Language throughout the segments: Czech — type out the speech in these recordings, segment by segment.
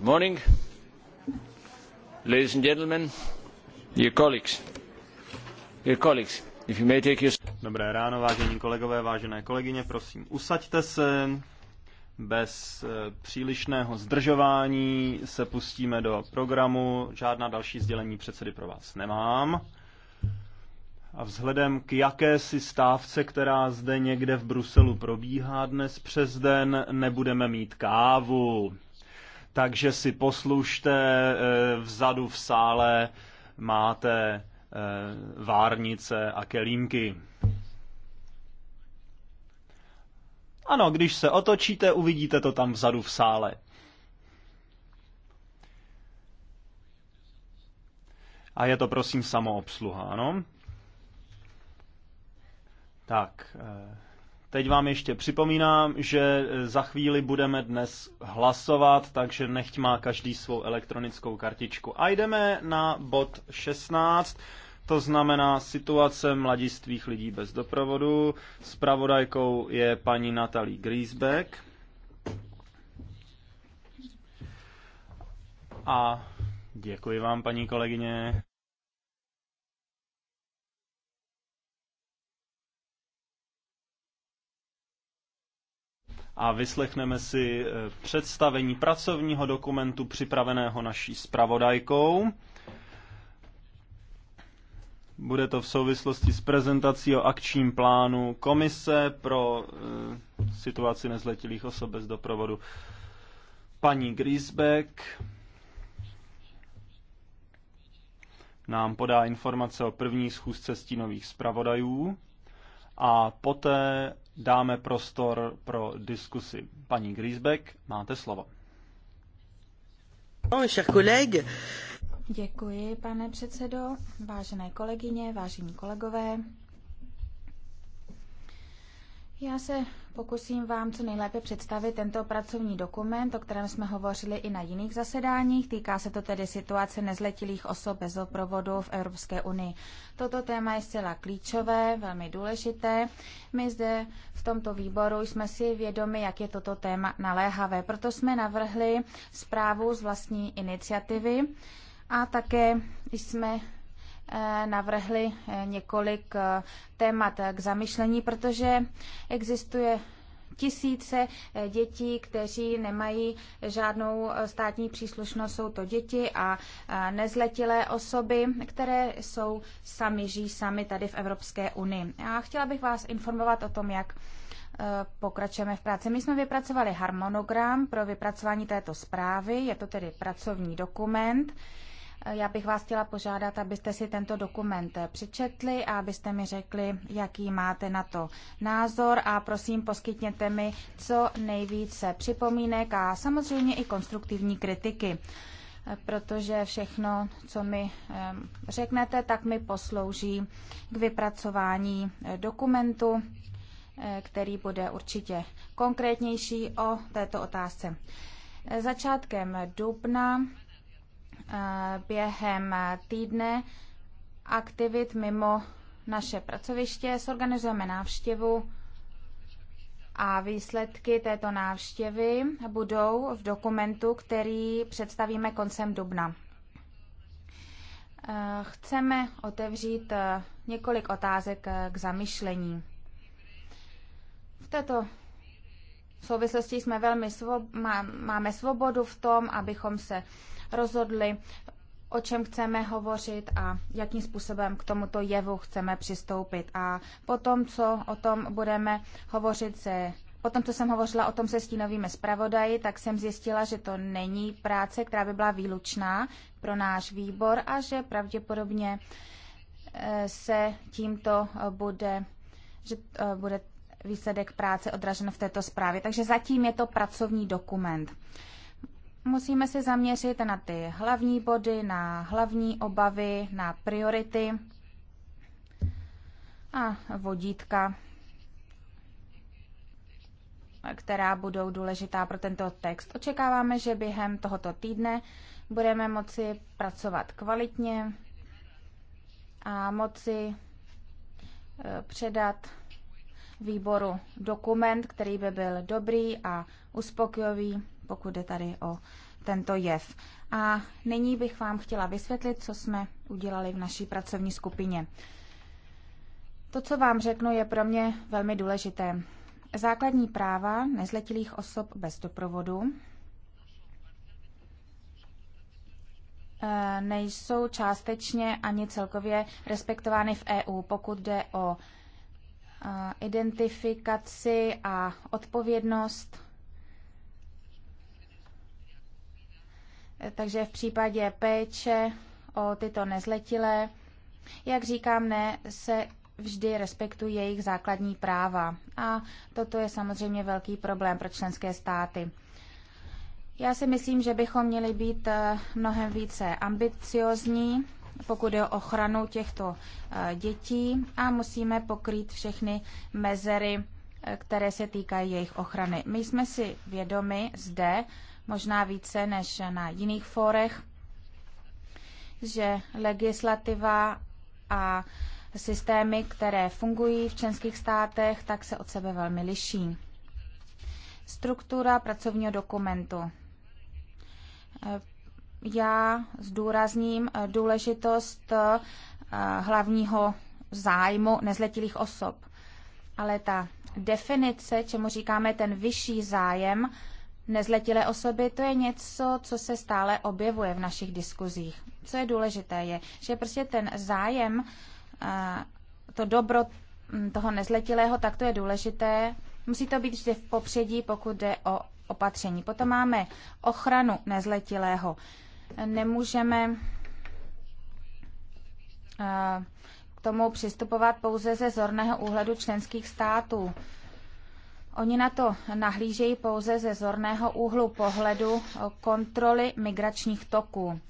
Good morning, ladies and gentlemen, dear colleagues. Dear colleagues, if you may take your... Dobré ráno, vážení kolegové, vážené kolegyně, prosím, usaďte se. Bez eh, přílišného zdržování se pustíme do programu. Žádná další sdělení předsedy pro vás nemám. A vzhledem k jakési stávce, která zde někde v Bruselu probíhá dnes přes den, nebudeme mít kávu takže si poslušte, eh, vzadu v sále máte eh, várnice a kelímky. Ano, když se otočíte, uvidíte to tam vzadu v sále. A je to prosím samoobsluha, ano? Tak. Eh... Teď vám ještě připomínám, že eh, za chvíli budeme dnes hlasovat, takže nechť má každý svou elektronickou kartičku. A jdeme na bod 16, to znamená situace mladistvých lidí bez doprovodu. Spravodajkou je paní Natalie Griesbeck. A děkuji vám, paní kolegyně. a vyslechneme si eh, představení pracovního dokumentu připraveného naší spravodajkou. Bude to v souvislosti s prezentací o akčním plánu Komise pro e, situaci nezletilých osob bez doprovodu paní Griesbeck. Nám podá informace o první schůzce stínových zpravodajů a poté dáme prostor pro diskusi. Paní Griesbeck, máte slovo. Děkuji, pane předsedo, vážené kolegyně, vážení kolegové. Já se pokusím vám co nejlépe představit tento pracovní dokument, o kterém jsme hovořili i na jiných zasedáních. Týká se to tedy situace nezletilých osob bez doprovodu v Evropské unii. Toto téma je zcela klíčové, velmi důležité. My zde v tomto výboru jsme si vědomi, jak je toto téma naléhavé. Proto jsme navrhli zprávu z vlastní iniciativy a také jsme Eh, navrhli eh, několik eh, témat k zamyšlení, protože existuje tisíce dětí, kteří nemají žádnou státní příslušnost. Jsou to děti a nezletilé osoby, které jsou sami, žijí sami tady v Evropské unii. Já chtěla bych vás informovat o tom, jak pokračujeme v práci. My jsme vypracovali harmonogram pro vypracování této zprávy, je to tedy pracovní dokument. Já bych vás chtěla požádat, abyste si tento dokument přečetli a abyste mi řekli, jaký máte na to názor a prosím poskytněte mi co nejvíce připomínek a samozřejmě i konstruktivní kritiky protože všechno, co mi řeknete, tak mi poslouží k vypracování dokumentu, eh, který bude určitě konkrétnější o této otázce. Začátkem dubna Eh, během týdne aktivit mimo naše pracoviště, sorganizujeme návštěvu a výsledky této návštěvy budou v dokumentu, který představíme koncem dubna. Eh, chceme otevřít eh, několik otázek k zamyšlení. V této souvislosti jsme velmi svob- máme svobodu v tom, abychom se rozhodli, o čem chceme hovořit a jakým způsobem k tomuto jevu chceme přistoupit. A potom, co o tom budeme hovořit se Potom, co jsem hovořila o tom se stínovými zpravodaji, tak jsem zjistila, že to není práce, která by byla výlučná pro náš výbor a že pravděpodobně e, se tímto e, bude, že e, bude výsledek práce odražen v této zprávě. Takže zatím je to pracovní dokument. Musíme se zaměřit na ty hlavní body, na hlavní obavy, na priority a vodítka, která budou důležitá pro tento text. Očekáváme, že během tohoto týdne budeme moci pracovat kvalitně a moci eh, předat výboru dokument, který by byl dobrý a uspokojivý pokud jde tady o tento jev. A nyní bych vám chtěla vysvětlit, co jsme udělali v naší pracovní skupině. To, co vám řeknu, je pro mě velmi důležité. Základní práva nezletilých osob bez doprovodu eh, nejsou částečně ani celkově respektovány v EU, pokud jde o eh, identifikaci a odpovědnost Takže v případě péče o tyto nezletilé, jak říkám, ne, se vždy respektují jejich základní práva. A toto je samozřejmě velký problém pro členské státy. Já si myslím, že bychom měli být eh, mnohem více ambiciozní, pokud je o ochranu těchto eh, dětí a musíme pokrýt všechny mezery, eh, které se týkají jejich ochrany. My jsme si vědomi zde, možná více než na jiných fórech, že legislativa a systémy, které fungují v členských státech, tak se od sebe velmi liší. Struktura pracovního dokumentu. Já zdůrazním důležitost eh, hlavního zájmu nezletilých osob. Ale ta definice, čemu říkáme ten vyšší zájem, nezletilé osoby, to je něco, co se stále objevuje v našich diskuzích. Co je důležité, je, že prostě ten zájem, eh, to dobro hm, toho nezletilého, tak to je důležité. Musí to být vždy v popředí, pokud jde o opatření. Potom máme ochranu nezletilého. Nemůžeme eh, k tomu přistupovat pouze ze zorného úhledu členských států. Oni na to nahlížejí pouze ze zorného úhlu pohledu kontroly migračních toků.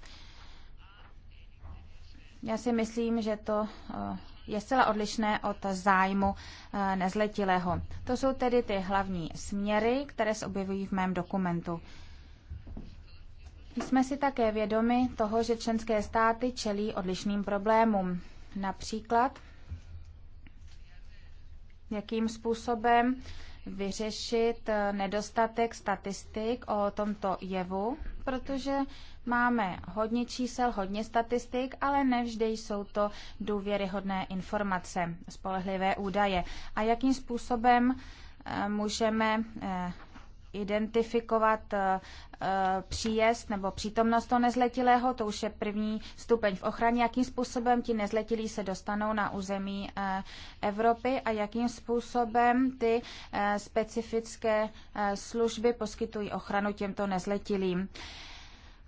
Já si myslím, že to eh, je zcela odlišné od zájmu eh, nezletilého. To jsou tedy ty hlavní směry, které se objevují v mém dokumentu. Jsme si také vědomi toho, že členské státy čelí odlišným problémům. Například, jakým způsobem vyřešit eh, nedostatek statistik o tomto jevu, protože máme hodně čísel, hodně statistik, ale nevždy jsou to důvěryhodné informace, spolehlivé údaje. A jakým způsobem eh, můžeme eh, identifikovat eh, eh, příjezd nebo přítomnost toho nezletilého, to už je první stupeň v ochraně, jakým způsobem ti nezletilí se dostanou na území eh, Evropy a jakým způsobem ty specifické služby poskytují ochranu těmto nezletilým.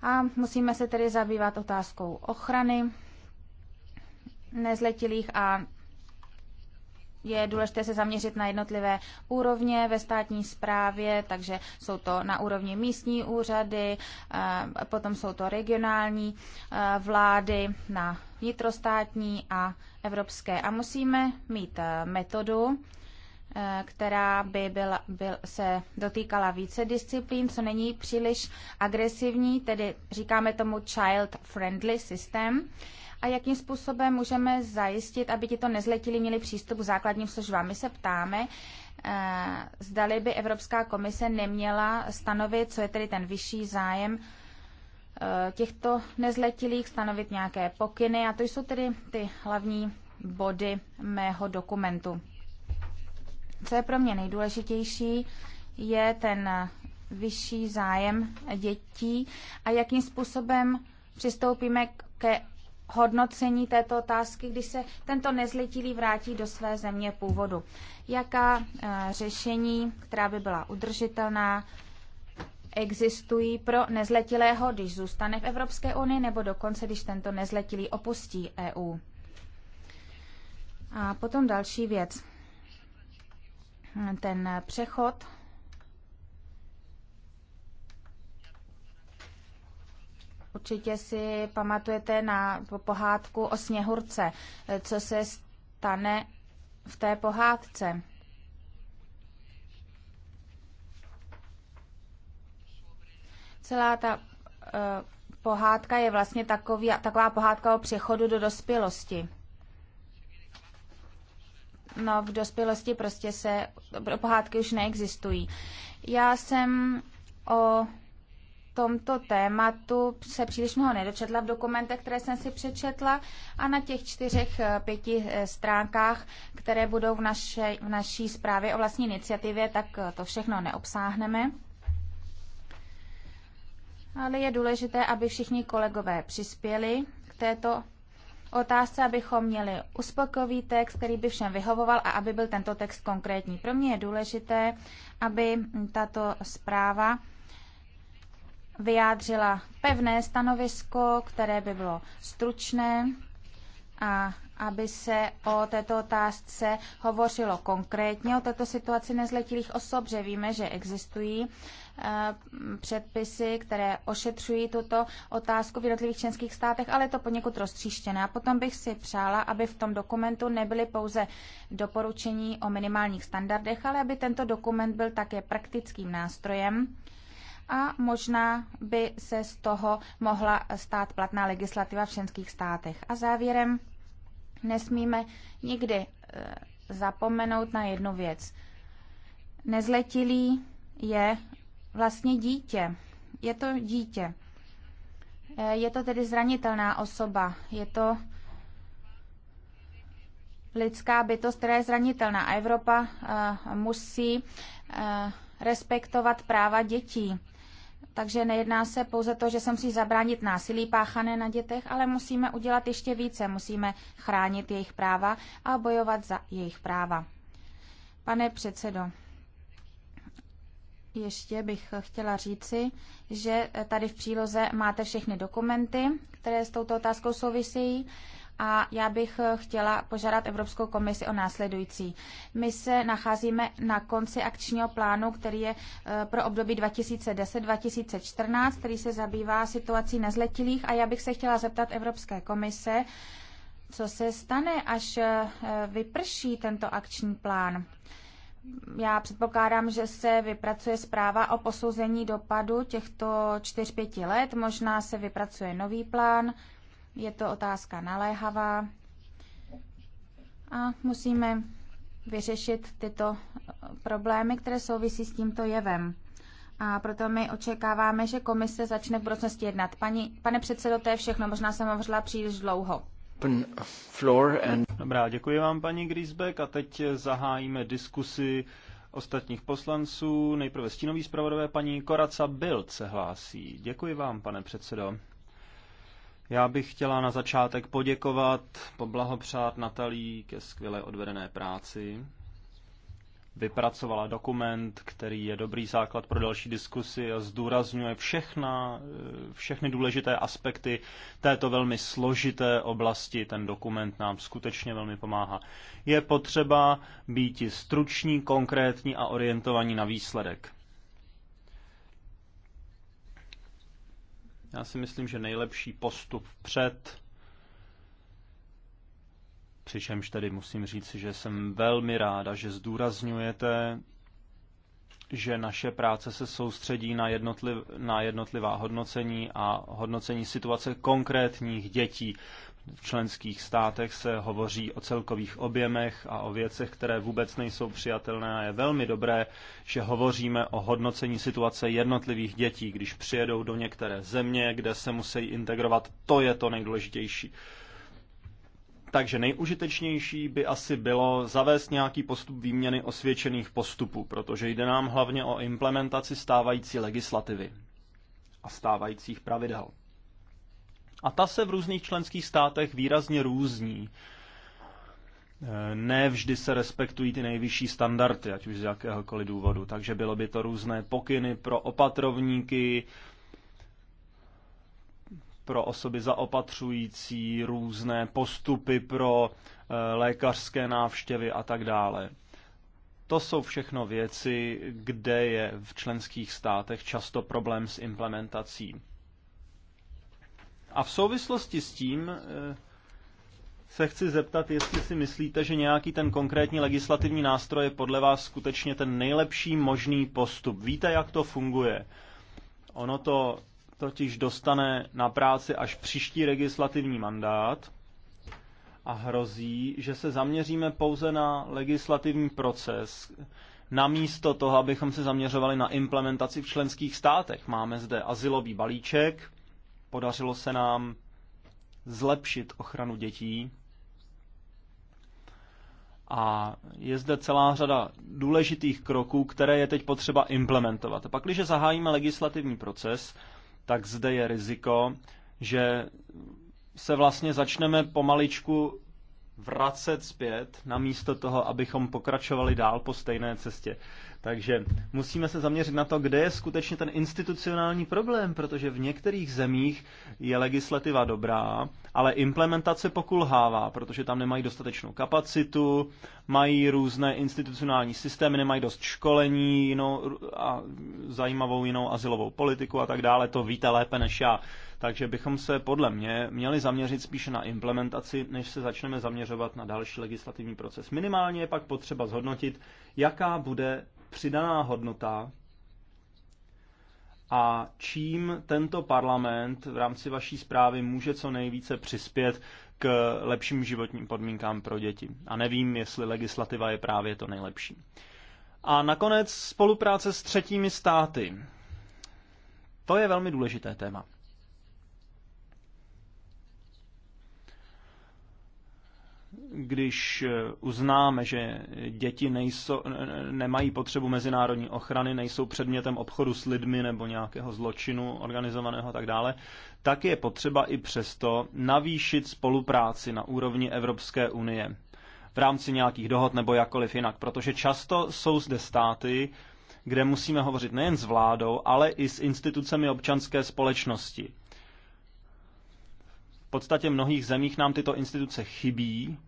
A musíme se tedy zabývat otázkou ochrany nezletilých a je důležité se zaměřit na jednotlivé úrovně ve státní správě, takže jsou to na úrovni místní úřady, eh, potom jsou to regionální eh, vlády na vnitrostátní a evropské. A musíme mít eh, metodu, která by byla, byl, se dotýkala více disciplín, co není příliš agresivní, tedy říkáme tomu child-friendly systém a jakým způsobem můžeme zajistit, aby tito nezletili měli přístup k základním službám. My se ptáme, eh, zdali by Evropská komise neměla stanovit, co je tedy ten vyšší zájem eh, těchto nezletilých, stanovit nějaké pokyny a to jsou tedy ty hlavní body mého dokumentu. Co je pro mě nejdůležitější, je ten vyšší zájem dětí a jakým způsobem přistoupíme ke hodnocení této otázky, když se tento nezletilý vrátí do své země původu. Jaká e, řešení, která by byla udržitelná, existují pro nezletilého, když zůstane v Evropské unii, nebo dokonce, když tento nezletilý opustí EU? A potom další věc. Ten přechod Určitě si pamatujete na pohádku o sněhurce, co se stane v té pohádce. Celá ta eh, pohádka je vlastně takový, taková pohádka o přechodu do dospělosti. No, v dospělosti prostě se pohádky už neexistují. Já jsem o tomto tématu se příliš mnoho nedočetla v dokumentech, které jsem si přečetla a na těch čtyřech, eh, pěti eh, stránkách, které budou v, naše, v naší zprávě o vlastní iniciativě, tak eh, to všechno neobsáhneme. Ale je důležité, aby všichni kolegové přispěli k této otázce, abychom měli uspokojivý text, který by všem vyhovoval a aby byl tento text konkrétní. Pro mě je důležité, aby tato zpráva vyjádřila pevné stanovisko, které by bylo stručné a aby se o této otázce hovořilo konkrétně, o této situaci nezletilých osob, že víme, že existují eh, předpisy, které ošetřují tuto otázku v jednotlivých členských státech, ale je to poněkud roztříštěné. A potom bych si přála, aby v tom dokumentu nebyly pouze doporučení o minimálních standardech, ale aby tento dokument byl také praktickým nástrojem, a možná by se z toho mohla stát platná legislativa v členských státech. A závěrem nesmíme nikdy eh, zapomenout na jednu věc. Nezletilý je vlastně dítě. Je to dítě. Eh, je to tedy zranitelná osoba. Je to lidská bytost, která je zranitelná. A Evropa eh, musí respektovat práva dětí. Takže nejedná se pouze to, že se musí zabránit násilí páchané na dětech, ale musíme udělat ještě více. Musíme chránit jejich práva a bojovat za jejich práva. Pane předsedo, ještě bych chtěla říci, že tady v příloze máte všechny dokumenty, které s touto otázkou souvisejí a já bych eh, chtěla požádat Evropskou komisi o následující. My se nacházíme na konci akčního plánu, který je eh, pro období 2010-2014, který se zabývá situací nezletilých a já bych se chtěla zeptat Evropské komise, co se stane, až eh, vyprší tento akční plán. Já předpokládám, že se vypracuje zpráva o posouzení dopadu těchto 4-5 let, možná se vypracuje nový plán. Je to otázka naléhavá a musíme vyřešit tyto eh, problémy, které souvisí s tímto jevem. A proto my očekáváme, že komise začne v budoucnosti jednat. Pani, pane předsedo, to je všechno. Možná jsem hovořila příliš dlouho. Dobrá, děkuji vám, paní Grisbeck, A teď zahájíme diskusi ostatních poslanců. Nejprve stínový zpravodové paní Koraca Bild se hlásí. Děkuji vám, pane předsedo. Já bych chtěla na začátek poděkovat, poblahopřát Natalí ke skvěle odvedené práci. Vypracovala dokument, který je dobrý základ pro další diskusy a zdůrazňuje všechna, eh, všechny důležité aspekty této velmi složité oblasti. Ten dokument nám skutečně velmi pomáhá. Je potřeba být struční, konkrétní a orientovaní na výsledek. Já si myslím, že nejlepší postup před, přičemž tedy musím říct, že jsem velmi ráda, že zdůrazňujete, že naše práce se soustředí na, jednotliv, na jednotlivá hodnocení a hodnocení situace konkrétních dětí v členských státech se hovoří o celkových objemech a o věcech, které vůbec nejsou přijatelné a je velmi dobré, že hovoříme o hodnocení situace jednotlivých dětí, když přijedou do některé země, kde se musí integrovat. To je to nejdůležitější. Takže nejužitečnější by asi bylo zavést nějaký postup výměny osvědčených postupů, protože jde nám hlavně o implementaci stávající legislativy a stávajících pravidel. A ta se v různých členských státech výrazně různí. Eh, ne vždy se respektují ty nejvyšší standardy, ať už z jakéhokoliv důvodu. Takže bylo by to různé pokyny pro opatrovníky, pro osoby zaopatřující, různé postupy pro eh, lékařské návštěvy a tak dále. To jsou všechno věci, kde je v členských státech často problém s implementací. A v souvislosti s tím eh, se chci zeptat, jestli si myslíte, že nějaký ten konkrétní legislativní nástroj je podle vás skutečně ten nejlepší možný postup. Víte, jak to funguje? Ono to totiž dostane na práci až příští legislativní mandát a hrozí, že se zaměříme pouze na legislativní proces, namísto toho, abychom se zaměřovali na implementaci v členských státech. Máme zde asilový balíček, Podařilo se nám zlepšit ochranu dětí. A je zde celá řada důležitých kroků, které je teď potřeba implementovat. Pak, když zahájíme legislativní proces, tak zde je riziko, že se vlastně začneme pomaličku vracet zpět, namísto toho, abychom pokračovali dál po stejné cestě. Takže musíme se zaměřit na to, kde je skutečně ten institucionální problém, protože v některých zemích je legislativa dobrá, ale implementace pokulhává, protože tam nemají dostatečnou kapacitu, mají různé institucionální systémy, nemají dost školení jinou a zajímavou jinou asilovou politiku a tak dále. To víte lépe než já. Takže bychom se podle mě měli zaměřit spíše na implementaci, než se začneme zaměřovat na další legislativní proces. Minimálně je pak potřeba zhodnotit, jaká bude přidaná hodnota a čím tento parlament v rámci vaší zprávy může co nejvíce přispět k lepším životním podmínkám pro děti. A nevím, jestli legislativa je právě to nejlepší. A nakonec spolupráce s třetími státy. To je velmi důležité téma. když eh, uznáme, že děti nejsou, nemají potřebu mezinárodní ochrany, nejsou předmětem obchodu s lidmi nebo nějakého zločinu organizovaného a tak dále, tak je potřeba i přesto navýšit spolupráci na úrovni Evropské unie v rámci nějakých dohod nebo jakkoliv jinak, protože často jsou zde státy, kde musíme hovořit nejen s vládou, ale i s institucemi občanské společnosti podstatě mnohých zemích nám tyto instituce chybí.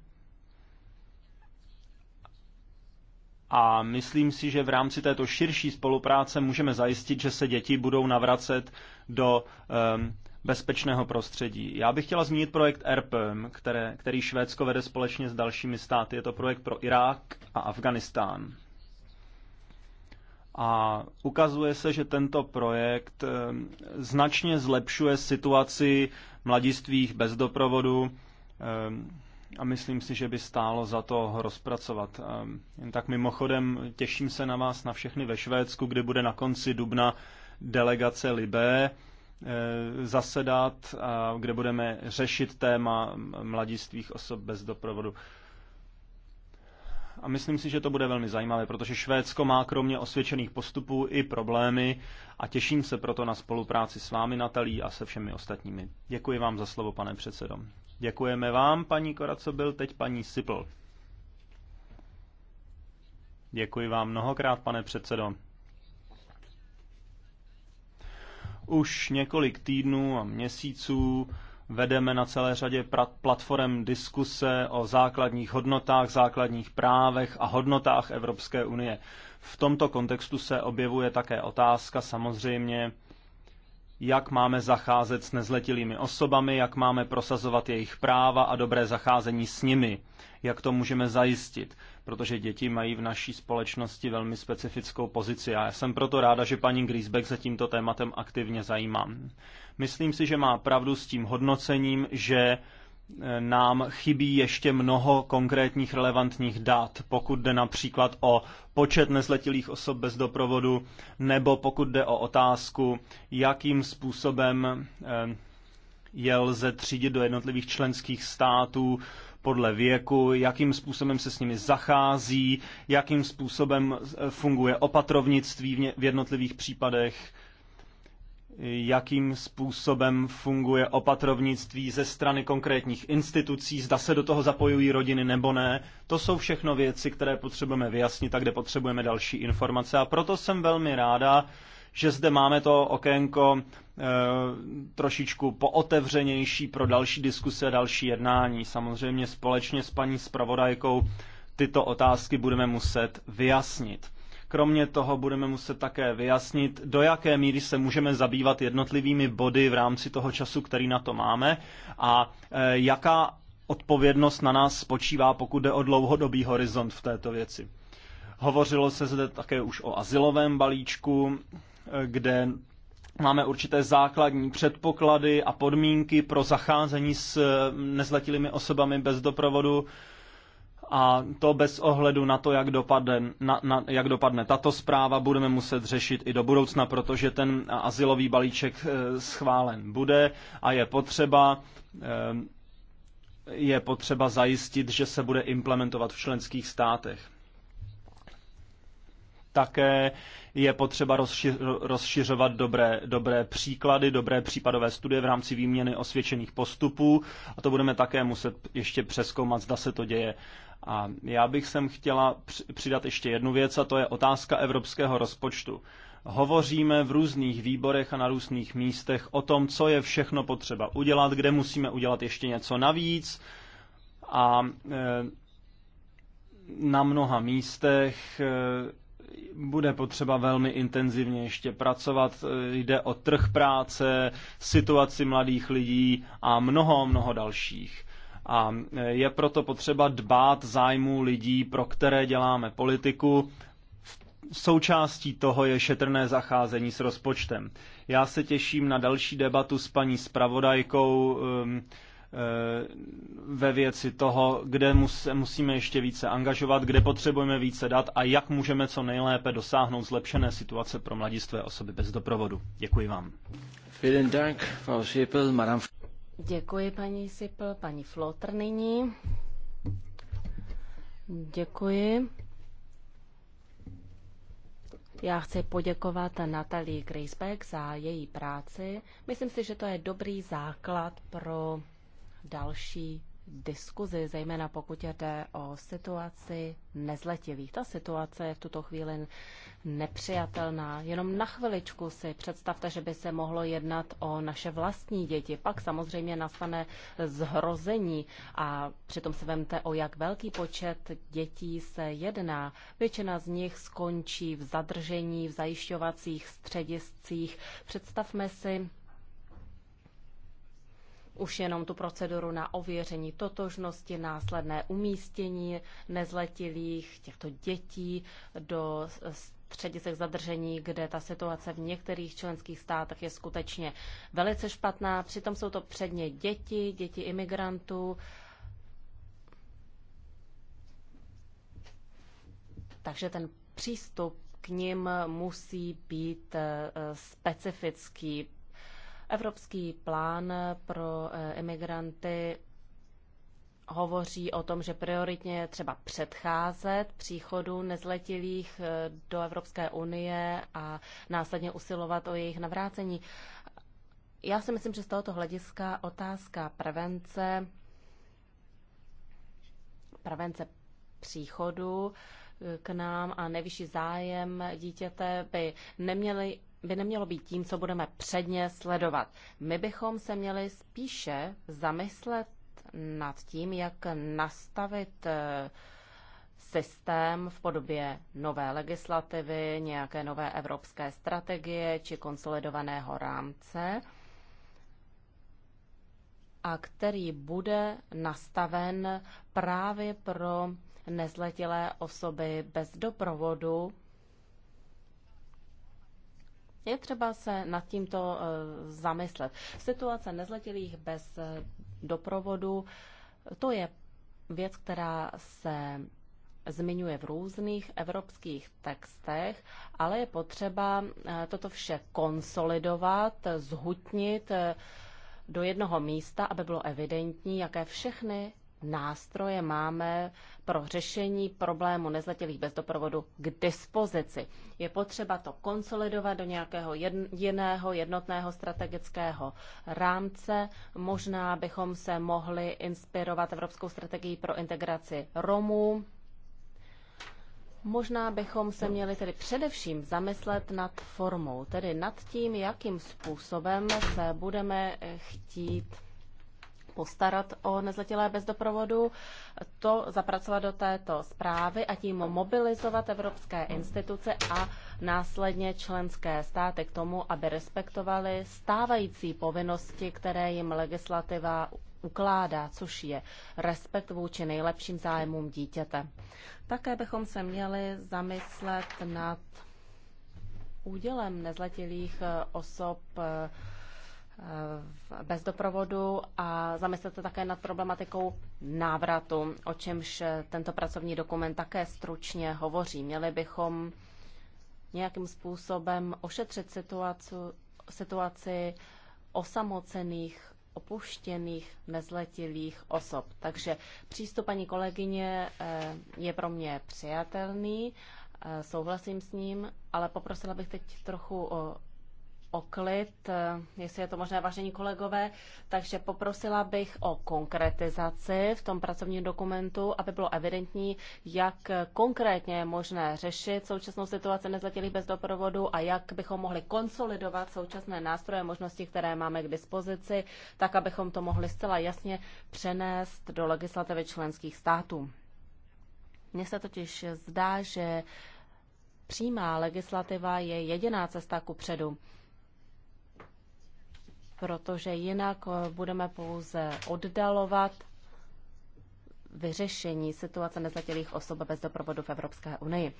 A myslím si, že v rámci této širší spolupráce můžeme zajistit, že se děti budou navracet do um, bezpečného prostředí. Já bych chtěla zmínit projekt ERPM, které, který Švédsko vede společně s dalšími státy. Je to projekt pro Irák a Afganistán. A ukazuje se, že tento projekt ehm, značně zlepšuje situaci mladistvých bez doprovodu ehm, a myslím si, že by stálo za to ho rozpracovat. Ehm, jen tak mimochodem těším se na vás na všechny ve Švédsku, kde bude na konci dubna delegace Libé eh, zasedat, kde budeme řešit téma mladistvých osob bez doprovodu. A myslím si, že to bude velmi zajímavé, protože Švédsko má kromě osvědčených postupů i problémy a těším se proto na spolupráci s vámi, Natalí, a se všemi ostatními. Děkuji vám za slovo, pane předsedo. Děkujeme vám, paní Koraco, byl teď paní Sipl. Děkuji vám mnohokrát, pane předsedo. Už několik týdnů a měsíců Vedeme na celé řadě platform diskuse o základních hodnotách, základních právech a hodnotách Evropské unie. V tomto kontextu se objevuje také otázka samozřejmě, jak máme zacházet s nezletilými osobami, jak máme prosazovat jejich práva a dobré zacházení s nimi, jak to můžeme zajistit protože děti mají v naší společnosti velmi specifickou pozici a já jsem proto ráda, že paní Griesbeck se tímto tématem aktivně zajímá. Myslím si, že má pravdu s tím hodnocením, že eh, nám chybí ještě mnoho konkrétních relevantních dat, pokud jde například o počet nezletilých osob bez doprovodu, nebo pokud jde o otázku, jakým způsobem eh, je lze třídit do jednotlivých členských států podle věku, jakým způsobem se s nimi zachází, jakým způsobem eh, funguje opatrovnictví v jednotlivých případech, jakým způsobem funguje opatrovnictví ze strany konkrétních institucí, zda se do toho zapojují rodiny nebo ne. To jsou všechno věci, které potřebujeme vyjasnit a kde potřebujeme další informace. A proto jsem velmi ráda, že zde máme to okénko eh, trošičku pootevřenější pro další diskuse, další jednání. Samozřejmě společně s paní spravodajkou tyto otázky budeme muset vyjasnit. Kromě toho budeme muset také vyjasnit, do jaké míry se můžeme zabývat jednotlivými body v rámci toho času, který na to máme a eh, jaká odpovědnost na nás spočívá, pokud jde o dlouhodobý horizont v této věci. Hovořilo se zde také už o asilovém balíčku, kde máme určité základní předpoklady a podmínky pro zacházení s eh, nezletilými osobami bez doprovodu a to bez ohledu na to, jak dopadne, na, na, jak dopadne tato zpráva, budeme muset řešit i do budoucna, protože ten asilový balíček eh, schválen bude a je potřeba eh, je potřeba zajistit, že se bude implementovat v členských státech. Také je potřeba rozšiřovat dobré, dobré příklady, dobré případové studie v rámci výměny osvědčených postupů a to budeme také muset ještě přeskoumat, zda se to děje. A já bych sem chtěla přidat ještě jednu věc a to je otázka evropského rozpočtu. Hovoříme v různých výborech a na různých místech o tom, co je všechno potřeba udělat, kde musíme udělat ještě něco navíc a e, na mnoha místech e, bude potřeba velmi intenzivně ještě pracovat. Jde o trh práce, situaci mladých lidí a mnoho, mnoho dalších. A je proto potřeba dbát zájmu lidí, pro které děláme politiku. Součástí toho je šetrné zacházení s rozpočtem. Já se těším na další debatu s paní spravodajkou um, Eh, ve věci toho, kde musíme ještě více angažovat, kde potřebujeme více dat a jak můžeme co nejlépe dosáhnout zlepšené situace pro mladistvé osoby bez doprovodu. Děkuji vám. Děkuji, paní Sipl, paní Flotr nyní. Děkuji. Já chci poděkovat Natalii Grisbeck za její práci. Myslím si, že to je dobrý základ pro další diskuzi, zejména pokud jde o situaci nezletilých. Ta situace je v tuto chvíli nepřijatelná. Jenom na chviličku si představte, že by se mohlo jednat o naše vlastní děti. Pak samozřejmě nastane zhrození a přitom se vemte, o jak velký počet dětí se jedná. Většina z nich skončí v zadržení, v zajišťovacích střediscích. Představme si, už jenom tu proceduru na ověření totožnosti, následné umístění nezletilých těchto dětí do středisek zadržení, kde ta situace v některých členských státech je skutečně velice špatná. Přitom jsou to předně děti, děti imigrantů. Takže ten přístup k ním musí být eh, specifický. Evropský plán pro imigranty eh, hovoří o tom, že prioritně je třeba předcházet příchodu nezletilých eh, do Evropské unie a následně usilovat o jejich navrácení. Já si myslím, že z tohoto hlediska otázka prevence, prevence příchodu eh, k nám a nejvyšší zájem dítěte by neměly by nemělo být tím, co budeme předně sledovat. My bychom se měli spíše zamyslet nad tím, jak nastavit eh, systém v podobě nové legislativy, nějaké nové evropské strategie či konsolidovaného rámce, a který bude nastaven právě pro nezletilé osoby bez doprovodu, je třeba se nad tímto eh, zamyslet. Situace nezletilých bez eh, doprovodu, to je věc, která se zmiňuje v různých evropských textech, ale je potřeba eh, toto vše konsolidovat, zhutnit do jednoho místa, aby bylo evidentní, jaké všechny nástroje máme pro řešení problému nezletilých bez doprovodu k dispozici. Je potřeba to konsolidovat do nějakého jiného jednotného strategického rámce. Možná bychom se mohli inspirovat Evropskou strategií pro integraci Romů. Možná bychom se měli tedy především zamyslet nad formou, tedy nad tím, jakým způsobem se budeme chtít postarat o nezletilé bez doprovodu, to zapracovat do této zprávy a tím mobilizovat evropské instituce a následně členské státy k tomu, aby respektovali stávající povinnosti, které jim legislativa ukládá, což je respekt vůči nejlepším zájmům dítěte. Také bychom se měli zamyslet nad údělem nezletilých osob bez doprovodu a zamyslete také nad problematikou návratu, o čemž tento pracovní dokument také stručně hovoří. Měli bychom nějakým způsobem ošetřit situaci, situaci osamocených, opuštěných, nezletilých osob. Takže přístup paní kolegyně eh, je pro mě přijatelný, eh, souhlasím s ním, ale poprosila bych teď trochu o o klid, eh, jestli je to možné, vážení kolegové. Takže poprosila bych o konkretizaci v tom pracovním dokumentu, aby bylo evidentní, jak konkrétně je možné řešit současnou situaci nezletilých bez doprovodu a jak bychom mohli konsolidovat současné nástroje možnosti, které máme k dispozici, tak abychom to mohli zcela jasně přenést do legislativy členských států. Mně se totiž zdá, že přímá legislativa je jediná cesta ku předu protože jinak eh, budeme pouze oddalovat vyřešení situace nezletilých osob bez doprovodu v Evropské unii.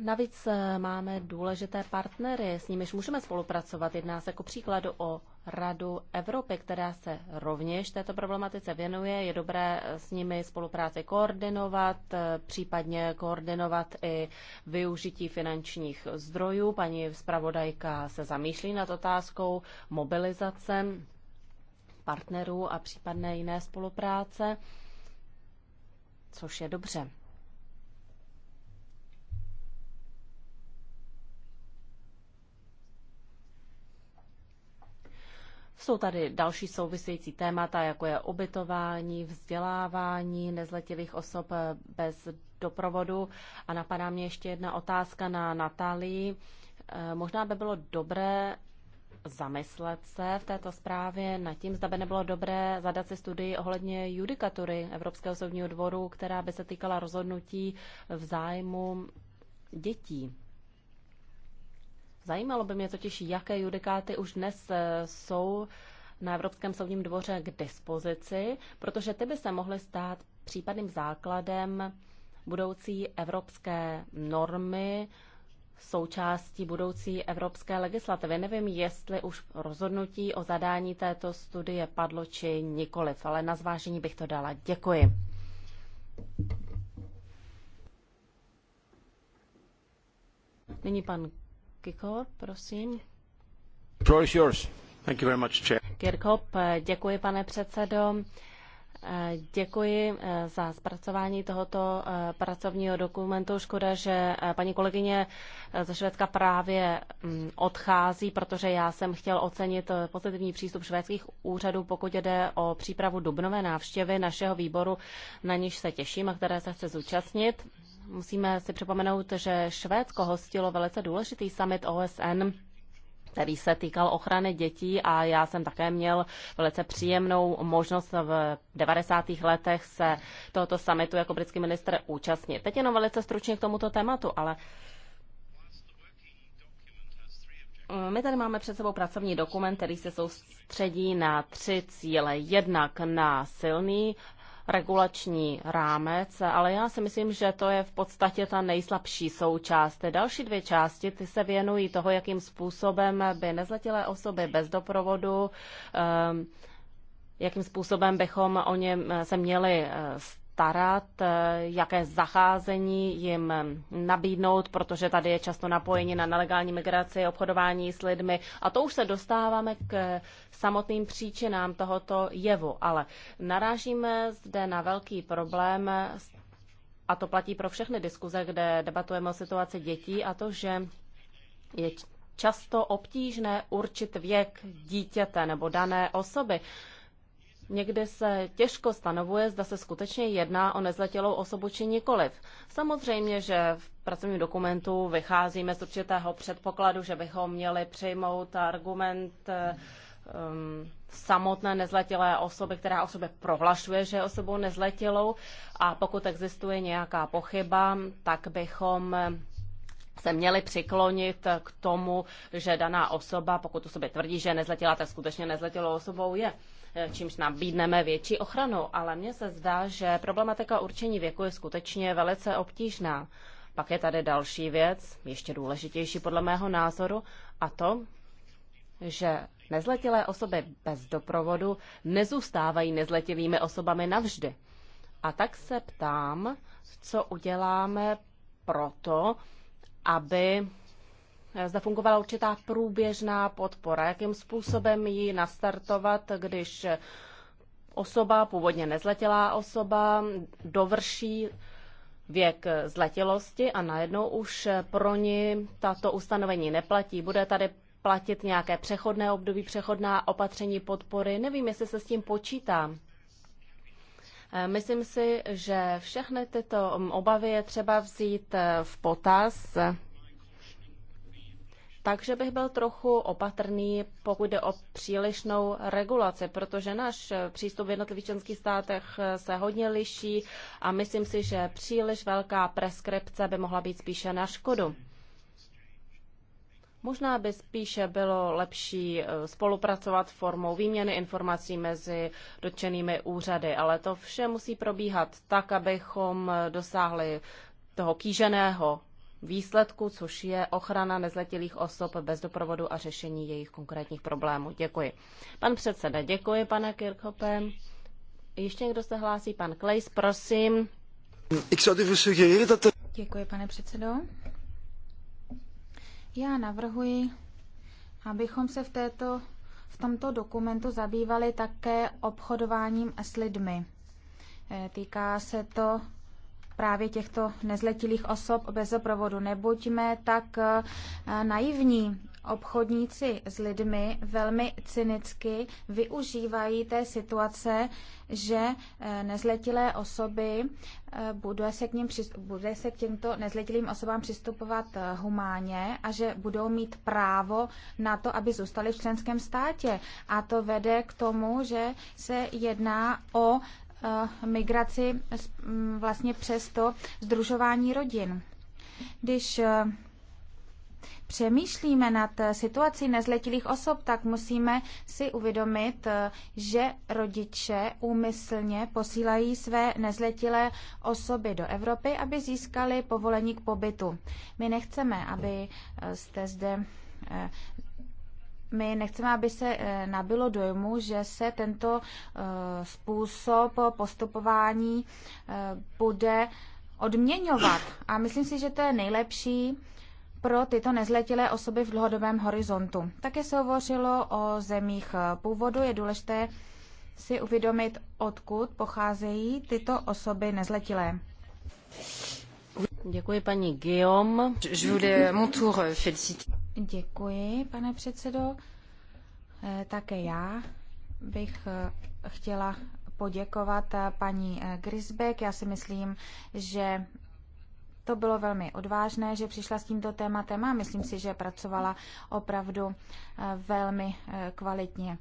Navíc eh, máme důležité partnery, s nimiž můžeme spolupracovat. Jedná se jako příkladu o Radu Evropy, která se rovněž této problematice věnuje. Je dobré eh, s nimi spolupráci koordinovat, eh, případně koordinovat i využití finančních zdrojů. Paní zpravodajka se zamýšlí nad otázkou mobilizace partnerů a případné jiné spolupráce, což je dobře. Jsou tady další související témata, jako je obytování, vzdělávání nezletilých osob eh, bez doprovodu. A napadá mě ještě jedna otázka na Natálii. Eh, možná by bylo dobré zamyslet se v této zprávě nad tím, zda by nebylo dobré zadat si studii ohledně judikatury Evropského soudního dvoru, která by se týkala rozhodnutí v zájmu dětí. Zajímalo by mě totiž, jaké judikáty už dnes eh, jsou na Evropském soudním dvoře k dispozici, protože ty by se mohly stát případným základem budoucí evropské normy, součástí budoucí evropské legislativy. Nevím, jestli už rozhodnutí o zadání této studie padlo či nikoliv, ale na zvážení bych to dala. Děkuji. Nyní pan Kikor, prosím. Floor is yours. Thank you very much, Chair. Kirkop, děkuji, pane předsedo. Děkuji eh, za zpracování tohoto eh, pracovního dokumentu. Škoda, že eh, paní kolegyně ze Švédska právě mm, odchází, protože já jsem chtěl ocenit pozitivní přístup švédských úřadů, pokud jde o přípravu dubnové návštěvy našeho výboru, na níž se těším a které se chce zúčastnit. Musíme si připomenout, že Švédsko hostilo velice důležitý summit OSN který se týkal ochrany dětí a já jsem také měl velice příjemnou možnost v 90. letech se tohoto samitu jako britský minister účastnit. Teď jenom velice stručně k tomuto tématu, ale my tady máme před sebou pracovní dokument, který se soustředí na tři cíle. Jednak na silný regulační rámec, ale já si myslím, že to je v podstatě ta nejslabší součást. Ty další dvě části ty se věnují toho, jakým způsobem by nezletilé osoby bez doprovodu eh, jakým způsobem bychom o něm eh, se měli eh, starat, eh, jaké zacházení jim nabídnout, protože tady je často napojení na nelegální migraci, obchodování s lidmi. A to už se dostáváme k samotným příčinám tohoto jevu. Ale narážíme zde na velký problém, a to platí pro všechny diskuze, kde debatujeme o situaci dětí, a to, že je často obtížné určit věk dítěte nebo dané osoby. Někde se těžko stanovuje, zda se skutečně jedná o nezletělou osobu či nikoliv. Samozřejmě, že v pracovním dokumentu vycházíme z určitého předpokladu, že bychom měli přijmout argument eh, um, samotné nezletělé osoby, která o sobě prohlašuje, že je osobou nezletělou, a pokud existuje nějaká pochyba, tak bychom eh, se měli přiklonit k tomu, že daná osoba, pokud o sobě tvrdí, že je nezletělá, tak skutečně nezletělou osobou je čímž nabídneme větší ochranu. Ale mně se zdá, že problematika určení věku je skutečně velice obtížná. Pak je tady další věc, ještě důležitější podle mého názoru, a to, že nezletilé osoby bez doprovodu nezůstávají nezletilými osobami navždy. A tak se ptám, co uděláme proto, aby Eh, zda fungovala určitá průběžná podpora, jakým způsobem ji nastartovat, když osoba, původně nezletělá osoba, dovrší věk zletilosti a najednou už pro ní tato ustanovení neplatí. Bude tady platit nějaké přechodné období, přechodná opatření podpory. Nevím, jestli se s tím počítá. Eh, myslím si, že všechny tyto mm, obavy je třeba vzít eh, v potaz. Takže bych byl trochu opatrný, pokud jde o přílišnou regulaci, protože náš přístup v jednotlivých členských státech se hodně liší a myslím si, že příliš velká preskripce by mohla být spíše na škodu. Možná by spíše bylo lepší eh, spolupracovat formou výměny informací mezi dotčenými úřady, ale to vše musí probíhat tak, abychom eh, dosáhli toho kýženého výsledku, což je ochrana nezletilých osob bez doprovodu a řešení jejich konkrétních problémů. Děkuji. Pan předseda, děkuji, pane Kirchhope. Ještě někdo se hlásí? Pan Klejs, prosím. Děkuji, pane předsedo. Já navrhuji, abychom se v, této, v tomto dokumentu zabývali také obchodováním s lidmi. E, týká se to právě těchto nezletilých osob bez doprovodu. Nebuďme tak eh, naivní. Obchodníci s lidmi velmi cynicky využívají té situace, že eh, nezletilé osoby eh, bude se, k ním, bude se k těmto nezletilým osobám přistupovat humánně a že budou mít právo na to, aby zůstali v členském státě. A to vede k tomu, že se jedná o Eh, migraci mm, vlastně přes to združování rodin. Když eh, přemýšlíme nad eh, situací nezletilých osob, tak musíme si uvědomit, že rodiče úmyslně posílají své nezletilé osoby do Evropy, aby získali povolení k pobytu. My nechceme, aby jste zde my nechceme, aby se eh, nabilo dojmu, že se tento eh, způsob postupování eh, bude odměňovat. A myslím si, že to je nejlepší pro tyto nezletilé osoby v dlouhodobém horizontu. Také se hovořilo o zemích původu. Je důležité si uvědomit, odkud pocházejí tyto osoby nezletilé. Děkuji paní Guillaume. Je voulais mon tour féliciter. Děkuji, pane předsedo. Eh, také já bych eh, chtěla poděkovat eh, paní Grisbeck. Já si myslím, že to bylo velmi odvážné, že přišla s tímto tématem a myslím si, že pracovala opravdu velmi kvalitně.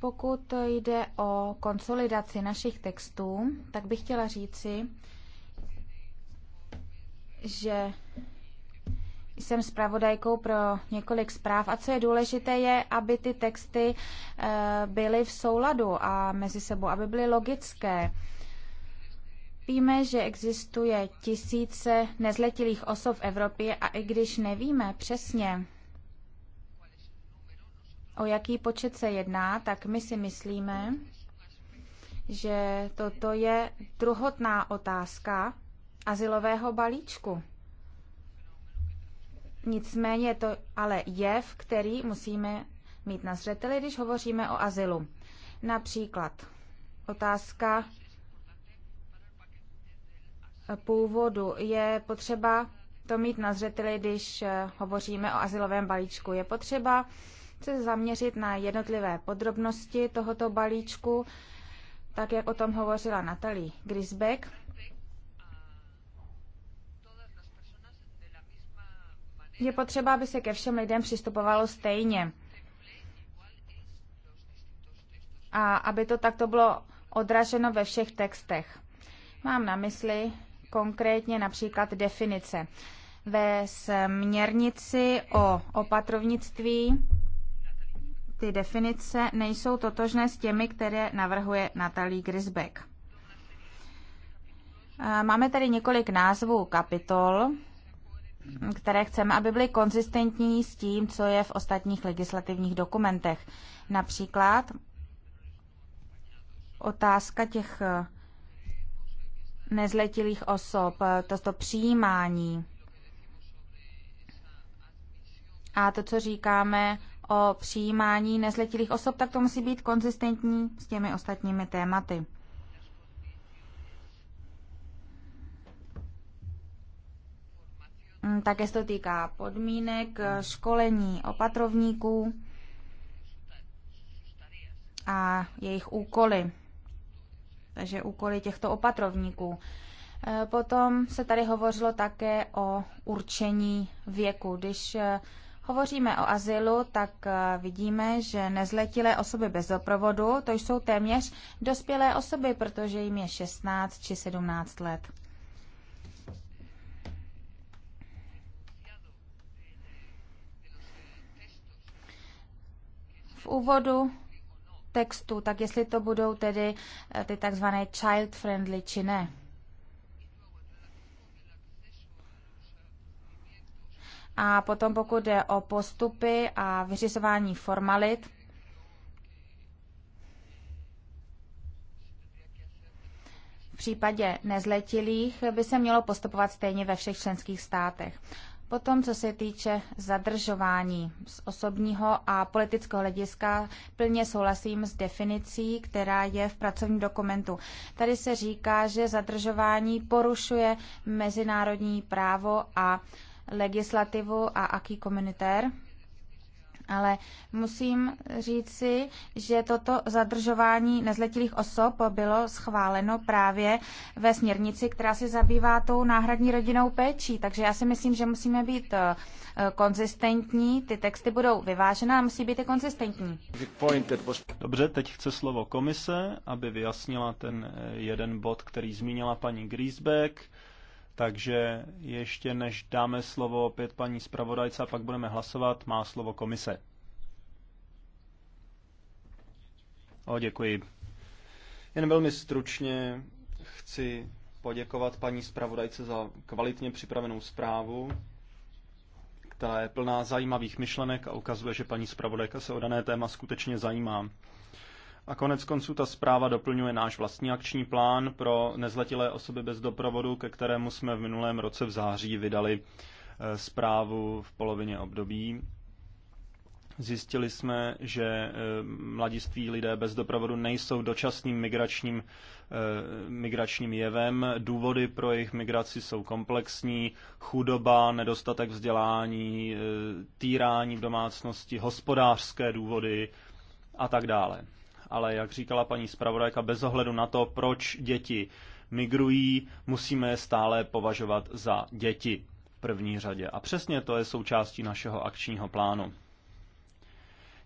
Pokud jde o konsolidaci našich textů, tak bych chtěla říci, že jsem zpravodajkou pro několik zpráv a co je důležité je, aby ty texty eh, byly v souladu a mezi sebou, aby byly logické. Víme, že existuje tisíce nezletilých osob v Evropě a i když nevíme přesně, o jaký počet se jedná, tak my si myslíme, že toto je druhotná otázka azylového balíčku. Nicméně je to ale jev, který musíme mít na zřeteli, když hovoříme o azylu. Například otázka původu. Je potřeba to mít na zřeteli, když eh, hovoříme o azylovém balíčku. Je potřeba se zaměřit na jednotlivé podrobnosti tohoto balíčku, tak jak o tom hovořila Natalie Grisbeck. Je potřeba, aby se ke všem lidem přistupovalo stejně. A aby to takto bylo odraženo ve všech textech. Mám na mysli konkrétně například definice. Ve směrnici o opatrovnictví ty definice nejsou totožné s těmi, které navrhuje Natalie Grisbeck. Máme tady několik názvů kapitol které chceme, aby byly konzistentní s tím, co je v ostatních legislativních dokumentech. Například otázka těch eh, nezletilých osob, eh, toto přijímání a to, co říkáme o přijímání nezletilých osob, tak to musí být konzistentní s těmi ostatními tématy. Mm, také se to týká podmínek, eh, školení opatrovníků a jejich úkoly. Takže úkoly těchto opatrovníků. Eh, potom se tady hovořilo také o určení věku. Když eh, hovoříme o azylu, tak vidíme, že nezletilé osoby bez doprovodu, to jsou téměř dospělé osoby, protože jim je 16 či 17 let. v úvodu textu, tak jestli to budou tedy eh, ty takzvané child-friendly či ne. A potom pokud jde o postupy a vyřizování formalit, v případě nezletilých by se mělo postupovat stejně ve všech členských státech. Potom, co se týče zadržování z osobního a politického hlediska, plně souhlasím s definicí, která je v pracovním dokumentu. Tady se říká, že zadržování porušuje mezinárodní právo a legislativu a aký komunitér. Ale musím říci, že toto zadržování nezletilých osob bylo schváleno právě ve směrnici, která se zabývá tou náhradní rodinou péčí. Takže já si myslím, že musíme být eh, konzistentní, ty texty budou vyvážené a musí být i konzistentní. Dobře, teď chce slovo komise, aby vyjasnila ten eh, jeden bod, který zmínila paní Griesbeck takže ještě než dáme slovo opět paní zpravodajce a pak budeme hlasovat, má slovo komise. O, děkuji. Jen velmi stručně chci poděkovat paní zpravodajce za kvalitně připravenou zprávu, která je plná zajímavých myšlenek a ukazuje, že paní zpravodajka se o dané téma skutečně zajímá. A konec konců ta zpráva doplňuje náš vlastní akční plán pro nezletilé osoby bez doprovodu, ke kterému jsme v minulém roce v září vydali eh, zprávu v polovině období. Zjistili jsme, že eh, mladiství lidé bez doprovodu nejsou dočasným migračním, eh, migračním jevem. Důvody pro jejich migraci jsou komplexní. Chudoba, nedostatek vzdělání, týrání v domácnosti, hospodářské důvody a tak dále ale jak říkala paní zpravodajka, bez ohledu na to, proč děti migrují, musíme je stále považovat za děti v první řadě. A přesně to je součástí našeho akčního plánu.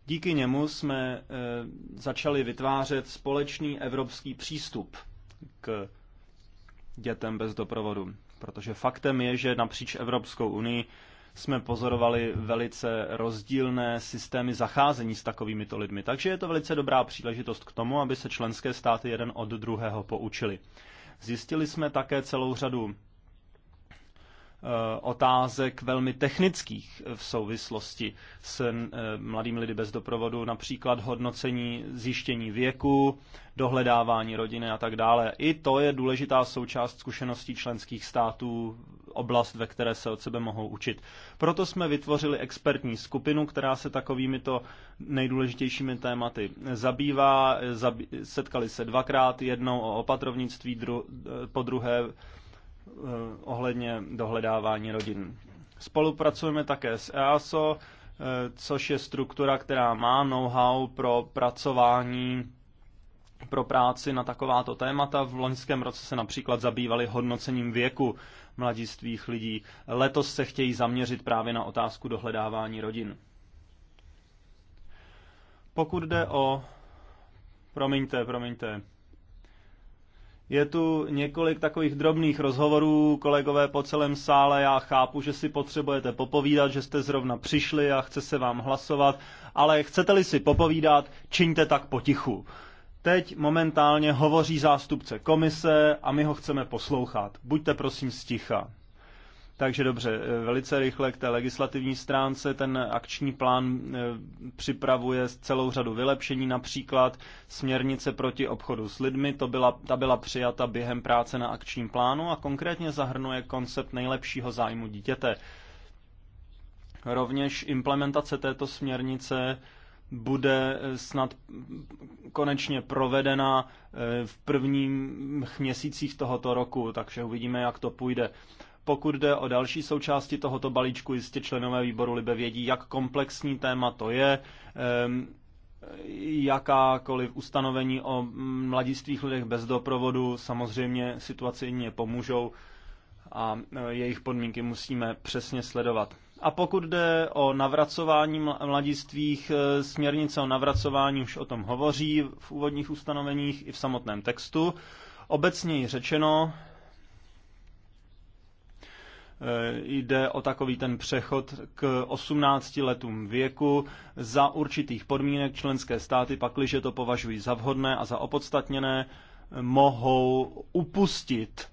Díky němu jsme eh, začali vytvářet společný evropský přístup k dětem bez doprovodu. Protože faktem je, že napříč Evropskou unii jsme pozorovali velice rozdílné systémy zacházení s takovýmito lidmi. Takže je to velice dobrá příležitost k tomu, aby se členské státy jeden od druhého poučili. Zjistili jsme také celou řadu eh, otázek velmi technických v souvislosti s eh, mladými lidmi bez doprovodu, například hodnocení zjištění věku, dohledávání rodiny a tak dále. I to je důležitá součást zkušeností členských států oblast, ve které se od sebe mohou učit. Proto jsme vytvořili expertní skupinu, která se takovými to nejdůležitějšími tématy zabývá. setkali se dvakrát, jednou o opatrovnictví, dru, po druhé eh, ohledně dohledávání rodin. Spolupracujeme také s EASO, eh, což je struktura, která má know-how pro pracování pro práci na takováto témata. V loňském roce se například zabývali hodnocením věku mladistvých lidí. Letos se chtějí zaměřit právě na otázku dohledávání rodin. Pokud jde o... Promiňte, promiňte. Je tu několik takových drobných rozhovorů, kolegové po celém sále. Já chápu, že si potřebujete popovídat, že jste zrovna přišli a chce se vám hlasovat, ale chcete-li si popovídat, čiňte tak potichu. Teď momentálně hovoří zástupce komise a my ho chceme poslouchat. Buďte prosím sticha. Takže dobře, eh, velice rychle k té legislativní stránce. Ten akční plán eh, připravuje celou řadu vylepšení, například směrnice proti obchodu s lidmi, to byla, ta byla přijata během práce na akčním plánu a konkrétně zahrnuje koncept nejlepšího zájmu dítěte. Rovněž implementace této směrnice bude eh, snad konečně provedena eh, v prvních měsících tohoto roku, takže uvidíme, jak to půjde. Pokud jde o další součásti tohoto balíčku, jistě členové výboru Libe vědí, jak komplexní téma to je, ehm, jakákoliv ustanovení o mladistvých lidech bez doprovodu samozřejmě situaci jině pomůžou a eh, jejich podmínky musíme přesně sledovat. A pokud jde o navracování mladistvých, e, směrnice o navracování už o tom hovoří v úvodních ustanoveních i v samotném textu. Obecněji řečeno, e, jde o takový ten přechod k 18 letům věku za určitých podmínek členské státy, pakliže to považují za vhodné a za opodstatněné, mohou upustit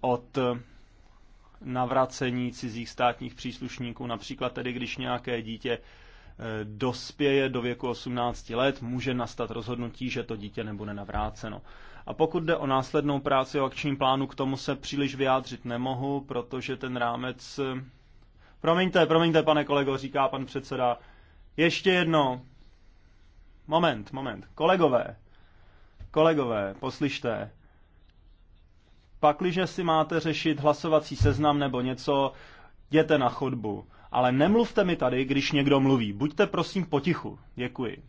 od navracení cizích státních příslušníků, například tedy, když nějaké dítě eh, dospěje do věku 18 let, může nastat rozhodnutí, že to dítě nebude navráceno. A pokud jde o následnou práci o akčním plánu, k tomu se příliš vyjádřit nemohu, protože ten rámec... Eh, promiňte, promiňte, pane kolego, říká pan předseda. Ještě jedno. Moment, moment. Kolegové, kolegové, poslyšte. Pakliže si máte řešit hlasovací seznam nebo něco, jděte na chodbu. Ale nemluvte mi tady, když někdo mluví. Buďte prosím potichu. Děkuji.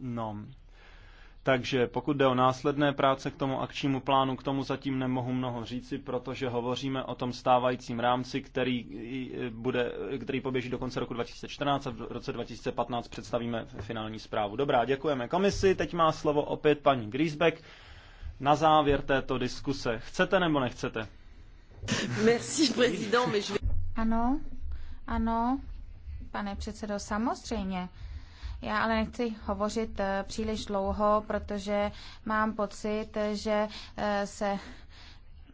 No, takže pokud jde o následné práce k tomu akčnímu plánu, k tomu zatím nemohu mnoho říci, protože hovoříme o tom stávajícím rámci, který, bude, který poběží do konce roku 2014 a v roce 2015 představíme finální zprávu. Dobrá, děkujeme komisi. Teď má slovo opět paní Griesbeck na závěr této diskuse. Chcete nebo nechcete? Merci, prezident, Ano, ano, pane předsedo, samozřejmě. Já ale nechci hovořit eh, příliš dlouho, protože mám pocit, že eh, se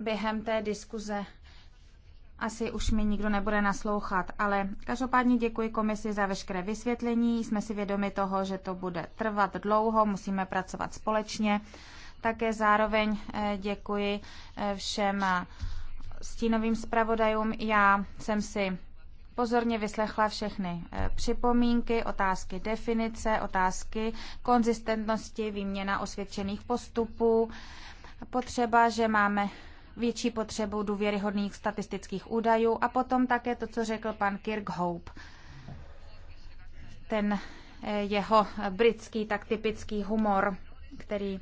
během té diskuze asi už mi nikdo nebude naslouchat, ale každopádně děkuji komisi za veškeré vysvětlení. Jsme si vědomi toho, že to bude trvat dlouho, musíme pracovat společně. Také zároveň eh, děkuji všem stínovým zpravodajům. Já jsem si pozorně vyslechla všechny eh, připomínky, otázky definice, otázky konzistentnosti, výměna osvědčených postupů, potřeba, že máme větší potřebu důvěryhodných statistických údajů a potom také to, co řekl pan Kirkhope. Ten eh, jeho britský tak typický humor, který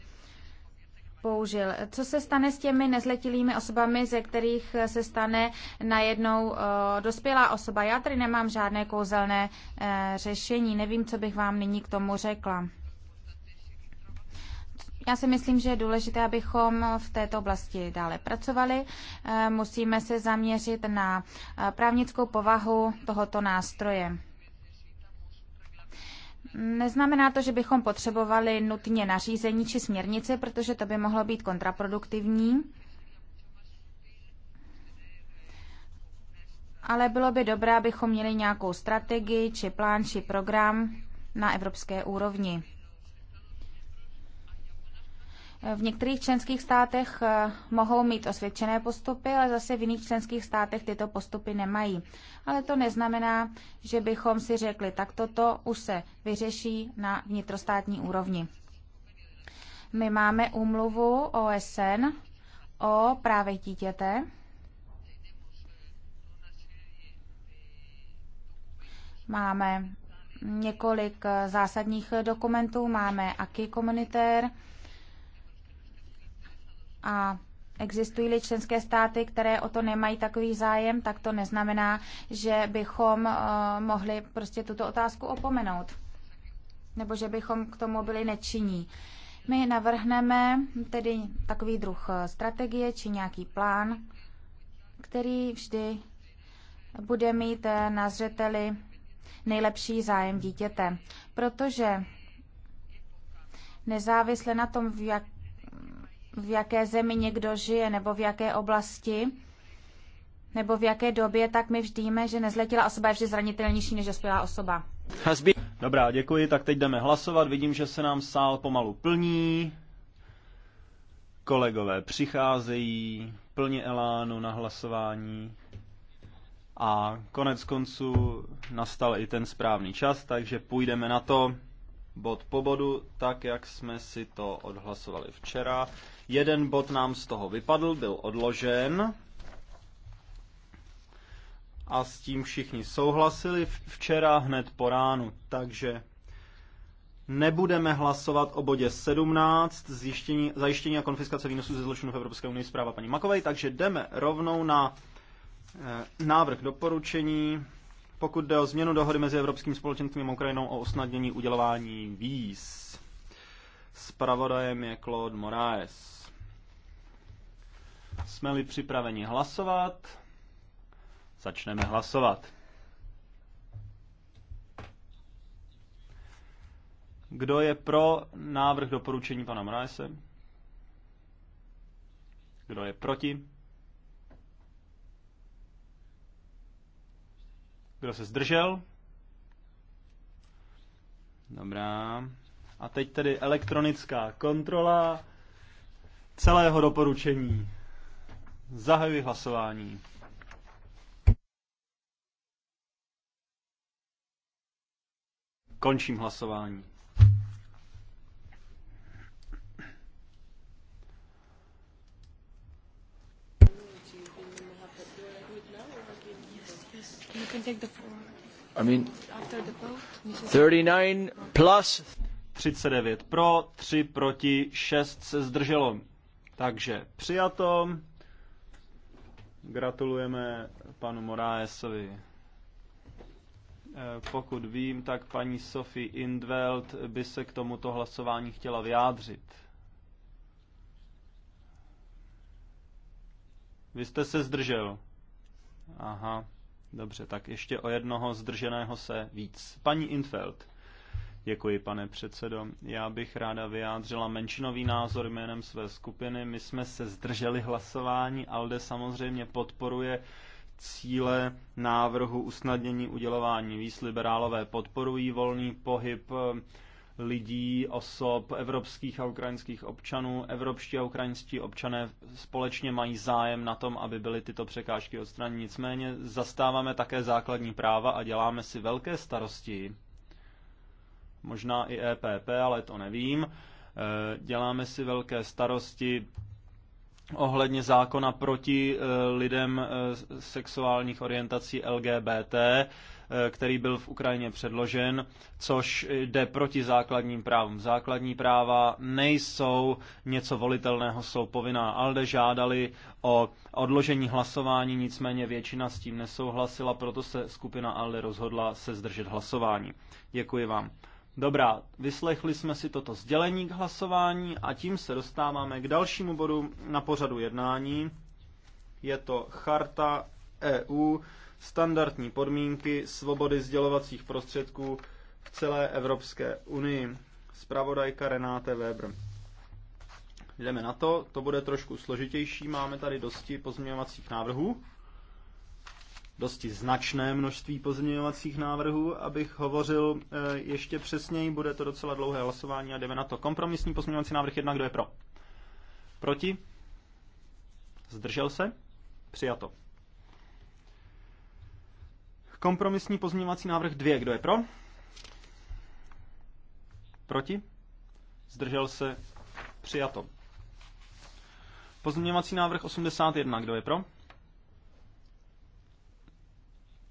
použil. Co se stane s těmi nezletilými osobami, ze kterých se stane najednou eh, dospělá osoba? Já tady nemám žádné kouzelné eh, řešení. Nevím, co bych vám nyní k tomu řekla. Já si myslím, že je důležité, abychom v této oblasti dále pracovali. Eh, musíme se zaměřit na právnickou povahu tohoto nástroje. Neznamená to, že bychom potřebovali nutně nařízení či směrnice, protože to by mohlo být kontraproduktivní. Ale bylo by dobré, abychom měli nějakou strategii či plán či program na evropské úrovni. V některých členských státech eh, mohou mít osvědčené postupy, ale zase v jiných členských státech tyto postupy nemají. Ale to neznamená, že bychom si řekli, tak toto už se vyřeší na vnitrostátní úrovni. My máme úmluvu OSN o právech dítěte. Máme několik eh, zásadních eh, dokumentů, máme aký komunitér, a Existují-li členské státy, které o to nemají takový zájem, tak to neznamená, že bychom eh, mohli prostě tuto otázku opomenout. Nebo že bychom k tomu byli nečinní. My navrhneme tedy takový druh eh, strategie či nějaký plán, který vždy bude mít eh, na zřeteli nejlepší zájem dítěte. Protože nezávisle na tom, v jak v jaké zemi někdo žije nebo v jaké oblasti nebo v jaké době, tak my vždíme, že nezletila osoba je vždy zranitelnější než dospělá osoba. Dobrá, děkuji, tak teď jdeme hlasovat. Vidím, že se nám sál pomalu plní. Kolegové přicházejí plně elánu na hlasování. A konec konců nastal i ten správný čas, takže půjdeme na to bod po bodu, tak jak jsme si to odhlasovali včera. Jeden bod nám z toho vypadl, byl odložen. A s tím všichni souhlasili včera hned po ránu, takže nebudeme hlasovat o bodě 17, zjištění, zajištění a konfiskace výnosů ze zločinů v Evropské unii, zpráva paní Makovej, takže jdeme rovnou na eh, návrh doporučení, pokud jde o změnu dohody mezi Evropským společenstvím a Ukrajinou o usnadnění udělování víz. Spravodajem je Claude Moraes. Jsme-li připraveni hlasovat, začneme hlasovat. Kdo je pro návrh doporučení pana Moraese? Kdo je proti? Kdo se zdržel? Dobrá. A teď tedy elektronická kontrola celého doporučení. Zahajuji hlasování. Končím hlasování. I mean, 39 plus 39 pro, 3 proti, 6 se zdrželo. Takže přijato. Gratulujeme panu Moráesovi. Eh, pokud vím, tak paní Sophie Indveld by se k tomuto hlasování chtěla vyjádřit. Vy jste se zdržel. Aha, dobře, tak ještě o jednoho zdrženého se víc. Paní Infeld. Děkuji, pane předsedo. Já bych ráda vyjádřila menšinový názor jménem své skupiny. My jsme se zdrželi hlasování. ALDE samozřejmě podporuje cíle návrhu usnadnění udělování víz. Liberálové podporují volný pohyb eh, lidí, osob, evropských a ukrajinských občanů. Evropští a ukrajinští občané společně mají zájem na tom, aby byly tyto překážky odstraněny. Nicméně zastáváme také základní práva a děláme si velké starosti možná i EPP, ale to nevím. E, děláme si velké starosti ohledně zákona proti e, lidem e, sexuálních orientací LGBT, který byl v Ukrajině předložen, což jde proti základním právům. Základní práva nejsou něco volitelného, jsou povinná. Alde žádali o odložení hlasování, nicméně většina s tím nesouhlasila, proto se skupina Alde rozhodla se zdržet hlasování. Děkuji vám. Dobrá, vyslechli jsme si toto sdělení k hlasování a tím se dostáváme k dalšímu bodu na pořadu jednání. Je to Charta EU, standardní podmínky svobody sdělovacích prostředků v celé Evropské unii. Spravodajka Renáte Weber. Jdeme na to, to bude trošku složitější, máme tady dosti pozměňovacích návrhů dosti značné množství pozměňovacích návrhů. Abych hovořil eh, ještě přesněji, bude to docela dlouhé hlasování a jdeme na to. Kompromisní pozměňovací návrh jedna, kdo je pro? Proti? Zdržel se? Přijato. Kompromisní pozměňovací návrh dvě, kdo je pro? Proti? Zdržel se? Přijato. Pozměňovací návrh 81, kdo je pro?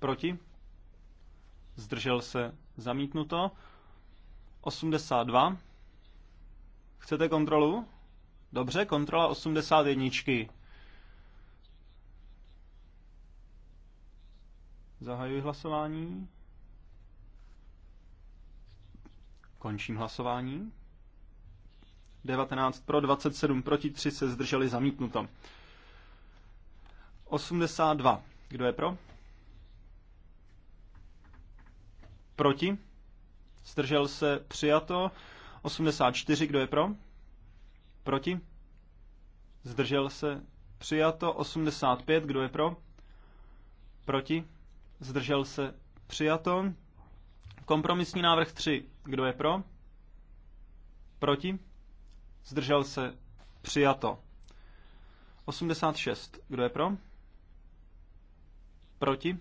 Proti? Zdržel se zamítnuto. 82. Chcete kontrolu? Dobře, kontrola 81. Zahajuji hlasování. Končím hlasování. 19 pro, 27 proti, 3 se zdrželi zamítnuto. 82. Kdo je pro? Proti? Zdržel se přijato. 84, kdo je pro? Proti? Zdržel se přijato. 85, kdo je pro? Proti? Zdržel se přijato. Kompromisní návrh 3, kdo je pro? Proti? Zdržel se přijato. 86, kdo je pro? Proti?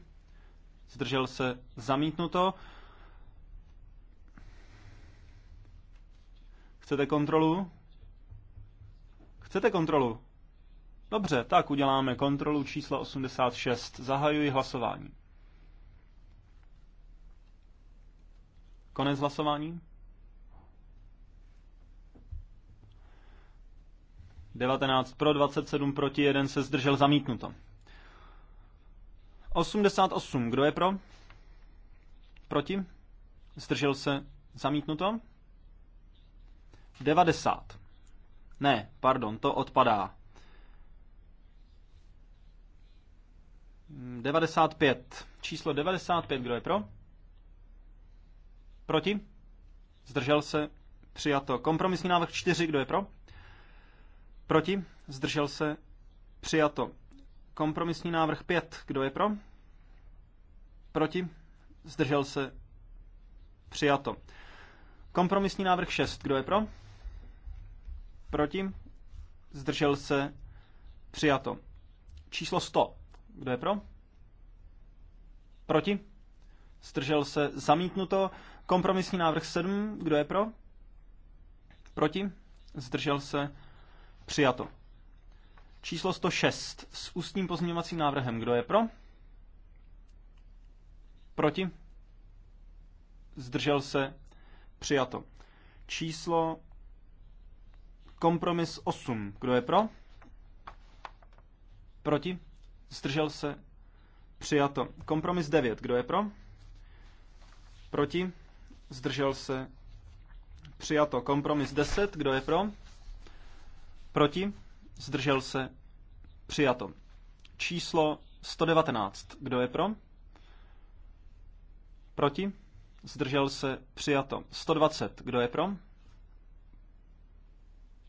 Zdržel se zamítnuto. Chcete kontrolu? Chcete kontrolu? Dobře, tak uděláme kontrolu číslo 86. Zahajuji hlasování. Konec hlasování. 19 pro, 27 proti, 1 se zdržel zamítnuto. 88. Kdo je pro? Proti? Zdržel se zamítnuto. 90. Ne, pardon, to odpadá. 95. Hmm, Číslo 95, kdo je pro? Proti? Zdržel se? Přijato. Kompromisní návrh 4, kdo je pro? Proti? Zdržel se? Přijato. Kompromisní návrh 5, kdo je pro? Proti? Zdržel se? Přijato. Kompromisní návrh 6, kdo je pro? Proti? Zdržel se? Přijato. Číslo 100. Kdo je pro? Proti? Zdržel se? Zamítnuto. Kompromisní návrh 7. Kdo je pro? Proti? Zdržel se? Přijato. Číslo 106 s ústním pozměňovacím návrhem. Kdo je pro? Proti? Zdržel se? Přijato. Číslo Kompromis 8. Kdo je pro? Proti? Zdržel se? Přijato. Kompromis 9. Kdo je pro? Proti? Zdržel se? Přijato. Kompromis 10. Kdo je pro? Proti? Zdržel se? Přijato. Číslo 119. Kdo je pro? Proti? Zdržel se? Přijato. 120. Kdo je pro?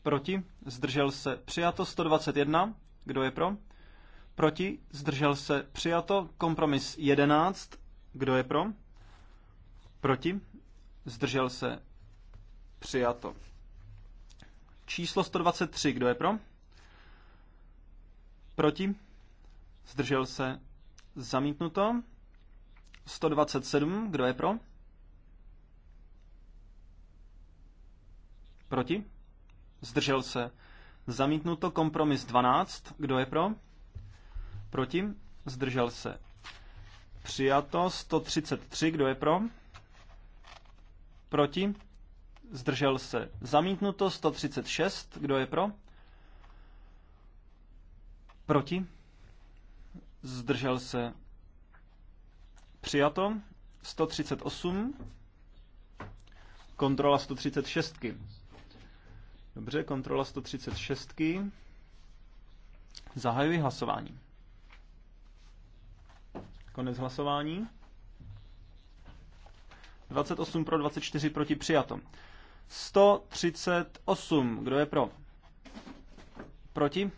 Proti? Zdržel se. Přijato 121. Kdo je pro? Proti? Zdržel se. Přijato. Kompromis 11. Kdo je pro? Proti? Zdržel se. Přijato. Číslo 123. Kdo je pro? Proti? Zdržel se. Zamítnuto. 127. Kdo je pro? Proti? Zdržel se. Zamítnuto kompromis 12. Kdo je pro? Proti? Zdržel se. Přijato 133. Kdo je pro? Proti? Zdržel se. Zamítnuto 136. Kdo je pro? Proti? Zdržel se. Přijato 138. Kontrola 136. Dobře, kontrola 136. Zahajuji hlasování. Konec hlasování. 28 pro, 24 proti přijato. 138. Kdo je pro? Proti?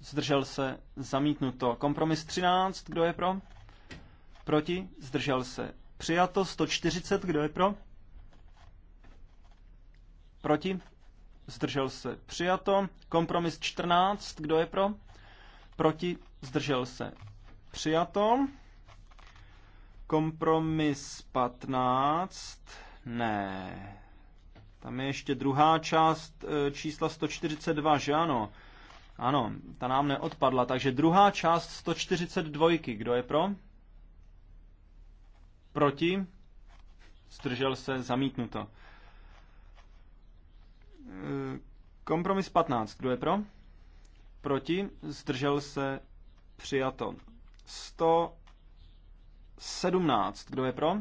Zdržel se zamítnuto. Kompromis 13. Kdo je pro? Proti? Zdržel se. Přijato 140. Kdo je pro? Proti? zdržel se, přijato. Kompromis 14, kdo je pro? Proti, zdržel se, přijato. Kompromis 15, ne. Tam je ještě druhá část e, čísla 142, že ano? Ano, ta nám neodpadla, takže druhá část 142, kdo je pro? Proti? Zdržel se, zamítnuto. Kompromis 15. Kdo je pro? Proti? Zdržel se? Přijato. 117. Kdo je pro?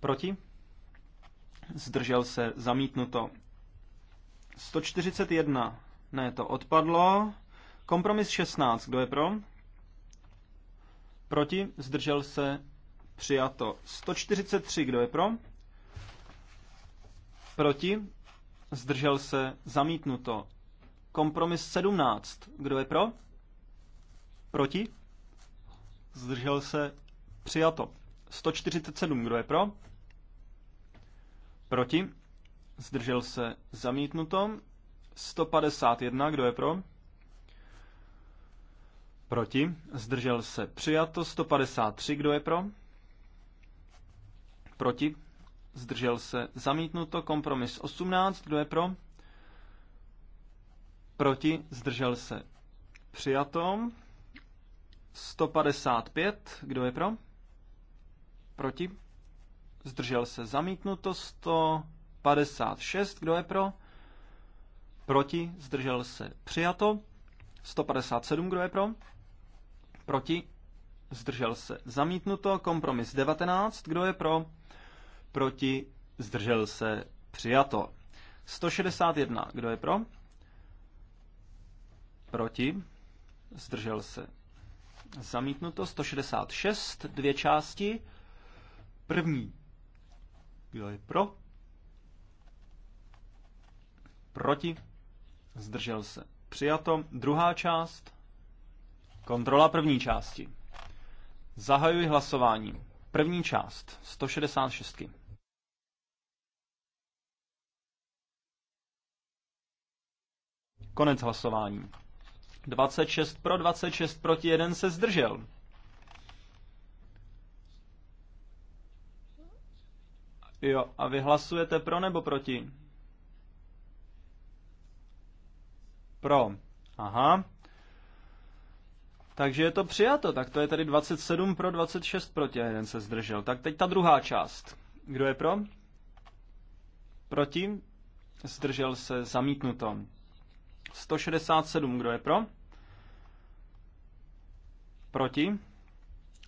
Proti? Zdržel se? Zamítnuto. 141. Ne, to odpadlo. Kompromis 16. Kdo je pro? Proti? Zdržel se? Přijato. 143. Kdo je pro? Proti? Zdržel se? Zamítnuto. Kompromis 17. Kdo je pro? Proti? Zdržel se? Přijato. 147. Kdo je pro? Proti? Zdržel se? Zamítnuto. 151. Kdo je pro? Proti? Zdržel se? Přijato. 153. Kdo je pro? Proti? zdržel se, zamítnuto. Kompromis 18, kdo je pro? Proti, zdržel se, přijato. 155, kdo je pro? Proti, zdržel se, zamítnuto. 156, kdo je pro? Proti, zdržel se, přijato. 157, kdo je pro? Proti, zdržel se, zamítnuto. Kompromis 19, kdo je pro? proti, zdržel se, přijato. 161, kdo je pro? Proti, zdržel se, zamítnuto. 166, dvě části. První, kdo je pro? Proti, zdržel se, přijato. Druhá část, kontrola první části. Zahajuji hlasování. První část 166. Konec hlasování. 26 pro, 26 proti, jeden se zdržel. Jo, a vy hlasujete pro nebo proti? Pro. Aha. Takže je to přijato, tak to je tady 27 pro, 26 proti a jeden se zdržel. Tak teď ta druhá část. Kdo je pro? Proti? Zdržel se, zamítnuto. 167, kdo je pro? Proti?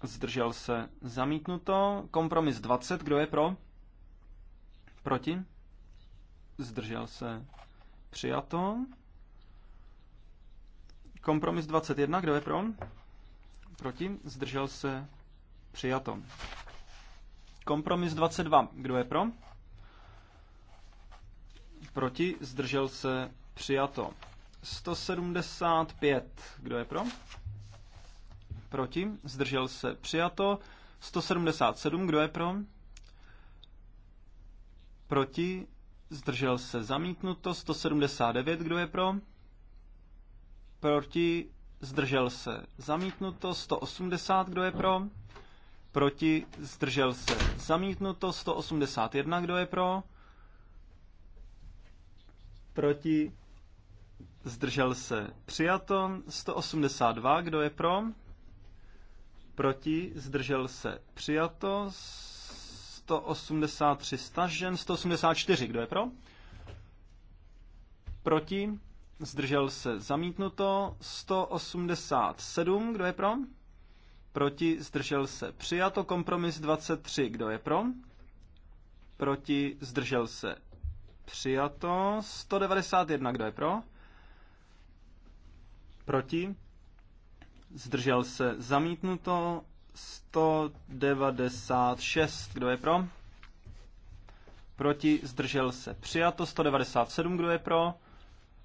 Zdržel se zamítnuto. Kompromis 20, kdo je pro? Proti? Zdržel se přijato. Kompromis 21, kdo je pro? Proti? Zdržel se přijato. Kompromis 22, kdo je pro? Proti? Zdržel se Přijato. 175. Kdo je pro? Proti. Zdržel se. Přijato. 177. Kdo je pro? Proti. Zdržel se. Zamítnuto. 179. Kdo je pro? Proti. Zdržel se. Zamítnuto. 180. Kdo je pro? Proti. Zdržel se. Zamítnuto. 181. Kdo je pro? Proti Zdržel se. Přijato. 182. Kdo je pro? Proti. Zdržel se. Přijato. 183 stažen. 184. Kdo je pro? Proti. Zdržel se. Zamítnuto. 187. Kdo je pro? Proti. Zdržel se. Přijato. Kompromis 23. Kdo je pro? Proti. Zdržel se. Přijato. 191. Kdo je pro? Proti? Zdržel se zamítnuto 196. Kdo je pro? Proti zdržel se přijato 197. Kdo je pro?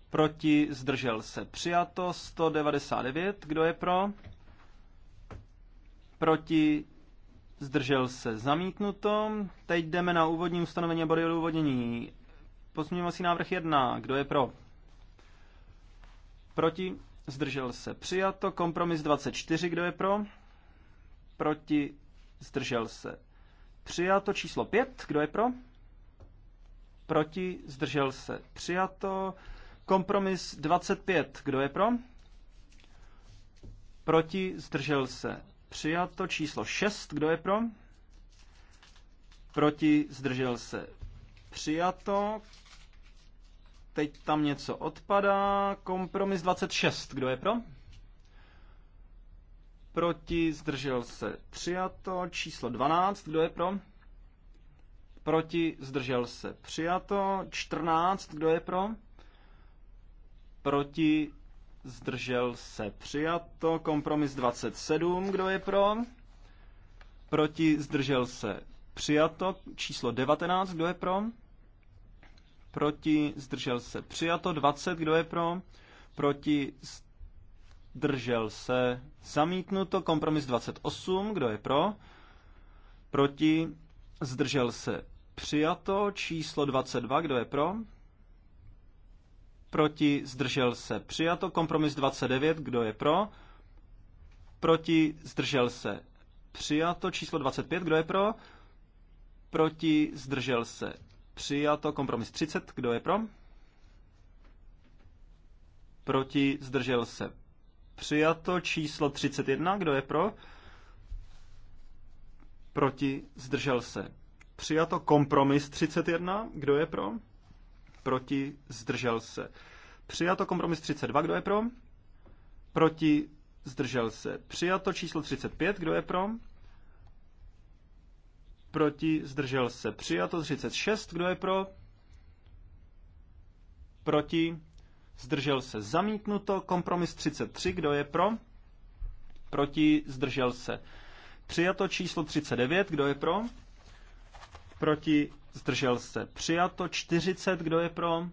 Proti zdržel se přijato 199. Kdo je pro? Proti zdržel se zamítnuto. Teď jdeme na úvodní ustanovení body odůvodnění. Pozměňovací návrh 1. Kdo je pro? Proti Zdržel se přijato. Kompromis 24, kdo je pro? Proti. Zdržel se přijato. Číslo 5, kdo je pro? Proti. Zdržel se přijato. Kompromis 25, kdo je pro? Proti. Zdržel se přijato. Číslo 6, kdo je pro? Proti. Zdržel se přijato. Teď tam něco odpadá. Kompromis 26. Kdo je pro? Proti zdržel se přijato. Číslo 12. Kdo je pro? Proti zdržel se přijato. 14. Kdo je pro? Proti zdržel se přijato. Kompromis 27. Kdo je pro? Proti zdržel se přijato. Číslo 19. Kdo je pro? proti, zdržel se. Přijato 20, kdo je pro, proti, zdržel se. Zamítnuto, kompromis 28, kdo je pro, proti, zdržel se. Přijato číslo 22, kdo je pro, proti, zdržel se. Přijato kompromis 29, kdo je pro, proti, zdržel se. Přijato číslo 25, kdo je pro, proti, zdržel se. Přijato kompromis 30. Kdo je pro? Proti zdržel se. Přijato číslo 31. Kdo je pro? Proti zdržel se. Přijato kompromis 31. Kdo je pro? Proti zdržel se. Přijato kompromis 32. Kdo je pro? Proti zdržel se. Přijato číslo 35. Kdo je pro? proti, zdržel se přijato, 36, kdo je pro, proti, zdržel se zamítnuto, kompromis 33, kdo je pro, proti, zdržel se přijato, číslo 39, kdo je pro, proti, zdržel se přijato, 40, kdo je pro,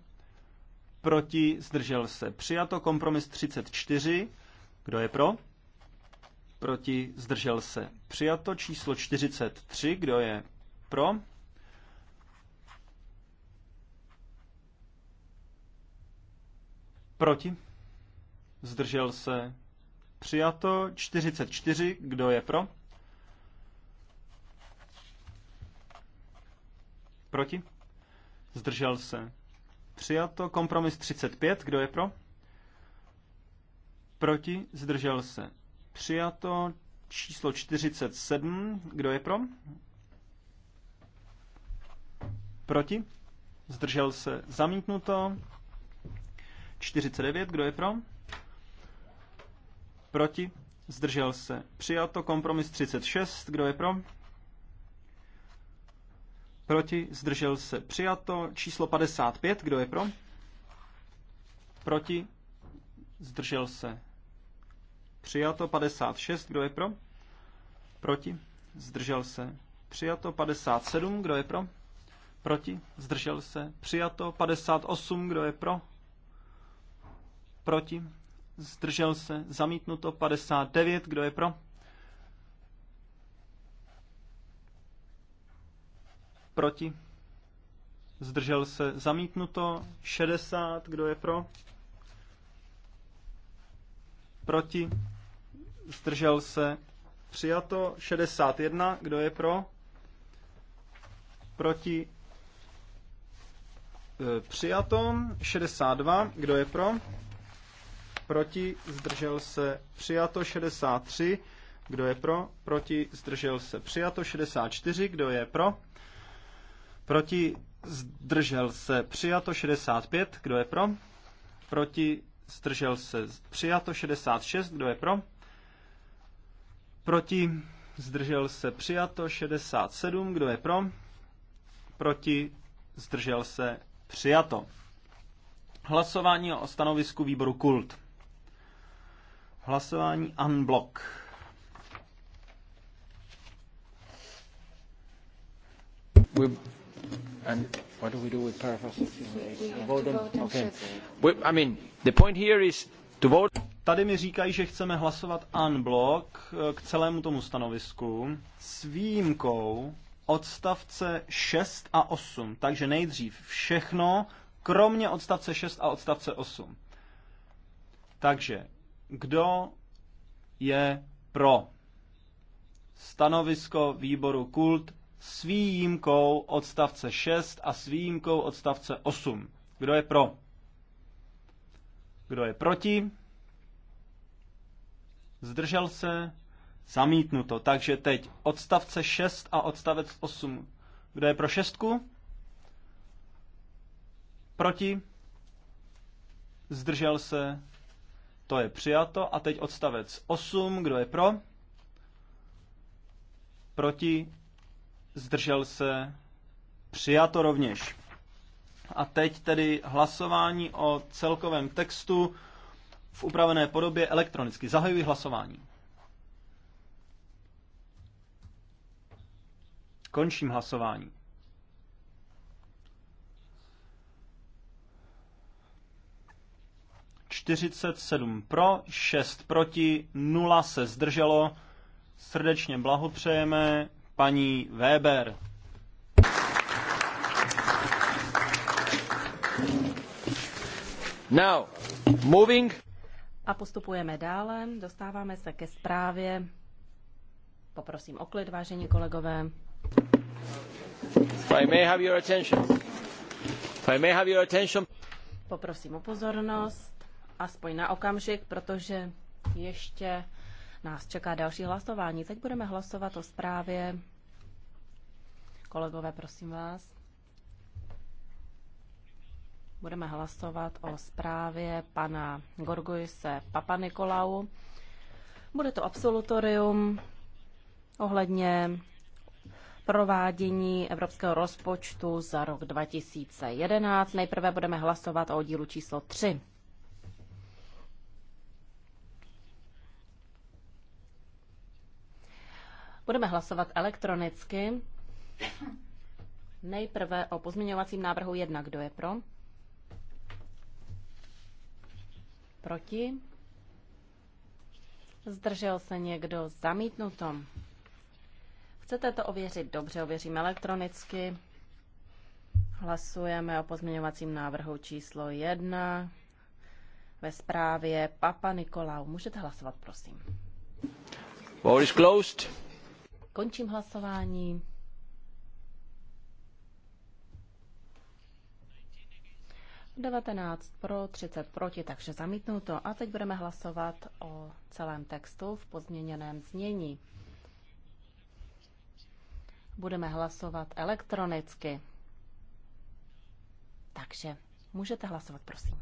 proti, zdržel se přijato, kompromis 34, kdo je pro, proti, zdržel se. Přijato číslo 43, kdo je pro? Proti, zdržel se. Přijato 44, kdo je pro? Proti, zdržel se. Přijato kompromis 35, kdo je pro? Proti, zdržel se. Přijato číslo 47. Kdo je pro? Proti? Zdržel se zamítnuto. 49. Kdo je pro? Proti? Zdržel se přijato. Kompromis 36. Kdo je pro? Proti? Zdržel se přijato. Číslo 55. Kdo je pro? Proti? Zdržel se Přijato 56, kdo je pro? Proti? Zdržel se. Přijato 57, kdo je pro? Proti? Zdržel se. Přijato 58, kdo je pro? Proti? Zdržel se. Zamítnuto 59, kdo je pro? Proti? Zdržel se. Zamítnuto 60, kdo je pro? Proti? zdržel se, přijato 61, kdo je pro, proti, e, přijato 62, kdo je pro, proti, zdržel se, přijato 63, kdo je pro, proti, zdržel se, přijato 64, kdo je pro, proti, zdržel se, přijato 65, kdo je pro, proti, zdržel se, přijato 66, kdo je pro, Proti? Zdržel se přijato 67. Kdo je pro? Proti? Zdržel se přijato. Hlasování o stanovisku výboru Kult. Hlasování unblock. We, and what do we do with paragraph 68? Vote on, okay. We, I mean, the point here is to vote. Tady mi říkají, že chceme hlasovat unblock eh, k celému tomu stanovisku s výjimkou odstavce 6 a 8. Takže nejdřív všechno, kromě odstavce 6 a odstavce 8. Takže kdo je pro stanovisko výboru kult s výjimkou odstavce 6 a s výjimkou odstavce 8? Kdo je pro? Kdo je proti? zdržel se, zamítnuto. Takže teď odstavce 6 a odstavec 8. Kdo je pro šestku? Proti? Zdržel se? To je přijato. A teď odstavec 8. Kdo je pro? Proti? Zdržel se? Přijato rovněž. A teď tedy hlasování o celkovém textu v upravené podobě elektronicky. Zahajuji hlasování. Končím hlasování. Čtyřicet sedm pro, šest proti, nula se zdrželo. Srdečně blahopřejeme paní Weber. Now, moving a postupujeme dále, dostáváme se ke zprávě. Poprosím o klid, vážení kolegové. If I may have your attention. If I may have your attention. Poprosím o pozornost, aspoň na okamžik, protože ještě nás čeká další hlasování. Teď budeme hlasovat o zprávě. Kolegové, prosím vás budeme hlasovat o zprávě pana Gorgojse Papa Nikolau. Bude to absolutorium ohledně provádění evropského rozpočtu za rok 2011. Nejprve budeme hlasovat o dílu číslo 3. Budeme hlasovat elektronicky. Nejprve o pozměňovacím návrhu 1. Kdo je pro? proti? Zdržel se někdo zamítnuto? Chcete to ověřit? Dobře, ověříme elektronicky. Hlasujeme o pozměňovacím návrhu číslo 1 ve zprávě Papa Nikolau. Můžete hlasovat, prosím. Board is closed. Končím hlasování. 19 pro, 30 proti, takže zamítnuto. A teď budeme hlasovat o celém textu v pozměněném znění. Budeme hlasovat elektronicky. Takže můžete hlasovat, prosím.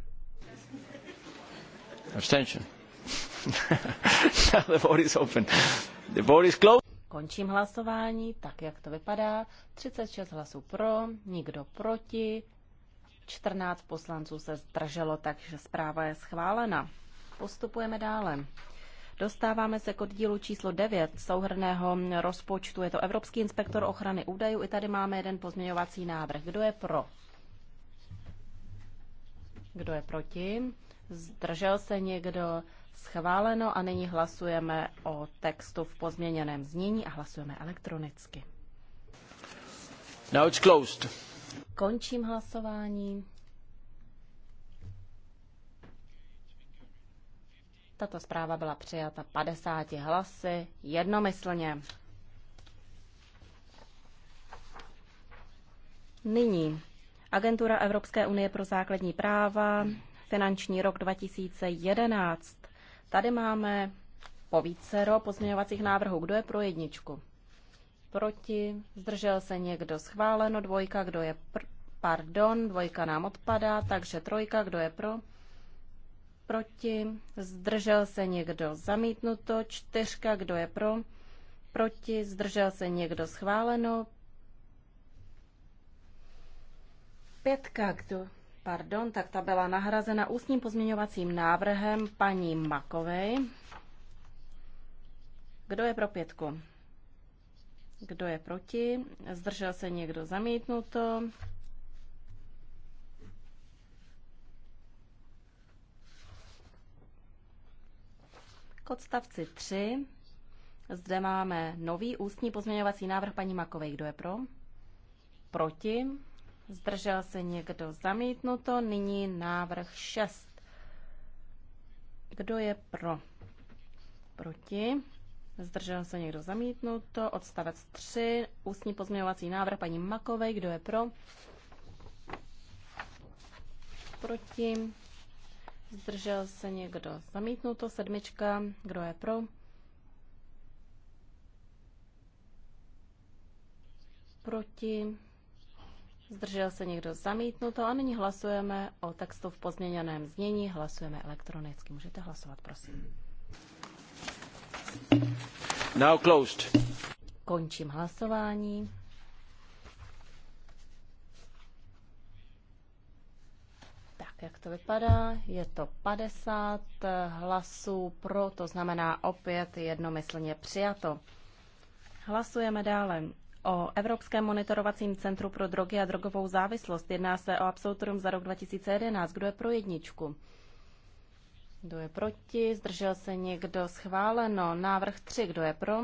Abstention. The vote is open. The vote is closed. Končím hlasování, tak jak to vypadá. 36 hlasů pro, nikdo proti, 14 poslanců se zdrželo, takže zpráva je schválena. Postupujeme dále. Dostáváme se k oddílu číslo 9 souhrného rozpočtu. Je to Evropský inspektor ochrany údajů. I tady máme jeden pozměňovací návrh. Kdo je pro? Kdo je proti? Zdržel se někdo? Schváleno a nyní hlasujeme o textu v pozměněném znění a hlasujeme elektronicky. Now it's closed. Končím hlasování. Tato zpráva byla přijata 50 hlasy jednomyslně. Nyní Agentura Evropské unie pro základní práva, finanční rok 2011. Tady máme po vícero pozměňovacích návrhů. Kdo je pro jedničku? proti, zdržel se někdo schváleno, dvojka, kdo je pr- pardon, dvojka nám odpadá, takže trojka, kdo je pro, proti, zdržel se někdo zamítnuto, čtyřka, kdo je pro, proti, zdržel se někdo schváleno, pětka, kdo, pardon, tak ta byla nahrazena ústním pozměňovacím návrhem paní Makovej. Kdo je pro pětku? Kdo je proti? Zdržel se někdo zamítnuto? K odstavci 3 zde máme nový ústní pozměňovací návrh paní Makovej. Kdo je pro? Proti? Zdržel se někdo zamítnuto? Nyní návrh 6. Kdo je pro? Proti? Zdržel se někdo zamítnuto. Odstavec 3. Ústní pozměňovací návrh paní Makovej. Kdo je pro? Proti. Zdržel se někdo zamítnuto. Sedmička. Kdo je pro? Proti. Zdržel se někdo zamítnuto a nyní hlasujeme o textu v pozměněném znění. Hlasujeme elektronicky. Můžete hlasovat, prosím. Now closed. Končím hlasování. Tak, jak to vypadá? Je to 50 hlasů pro, to znamená opět jednomyslně přijato. Hlasujeme dále o Evropském monitorovacím centru pro drogy a drogovou závislost. Jedná se o absolutorium za rok 2011. Kdo je pro jedničku? Kdo je proti? Zdržel se někdo? Schváleno. Návrh 3. Kdo je pro?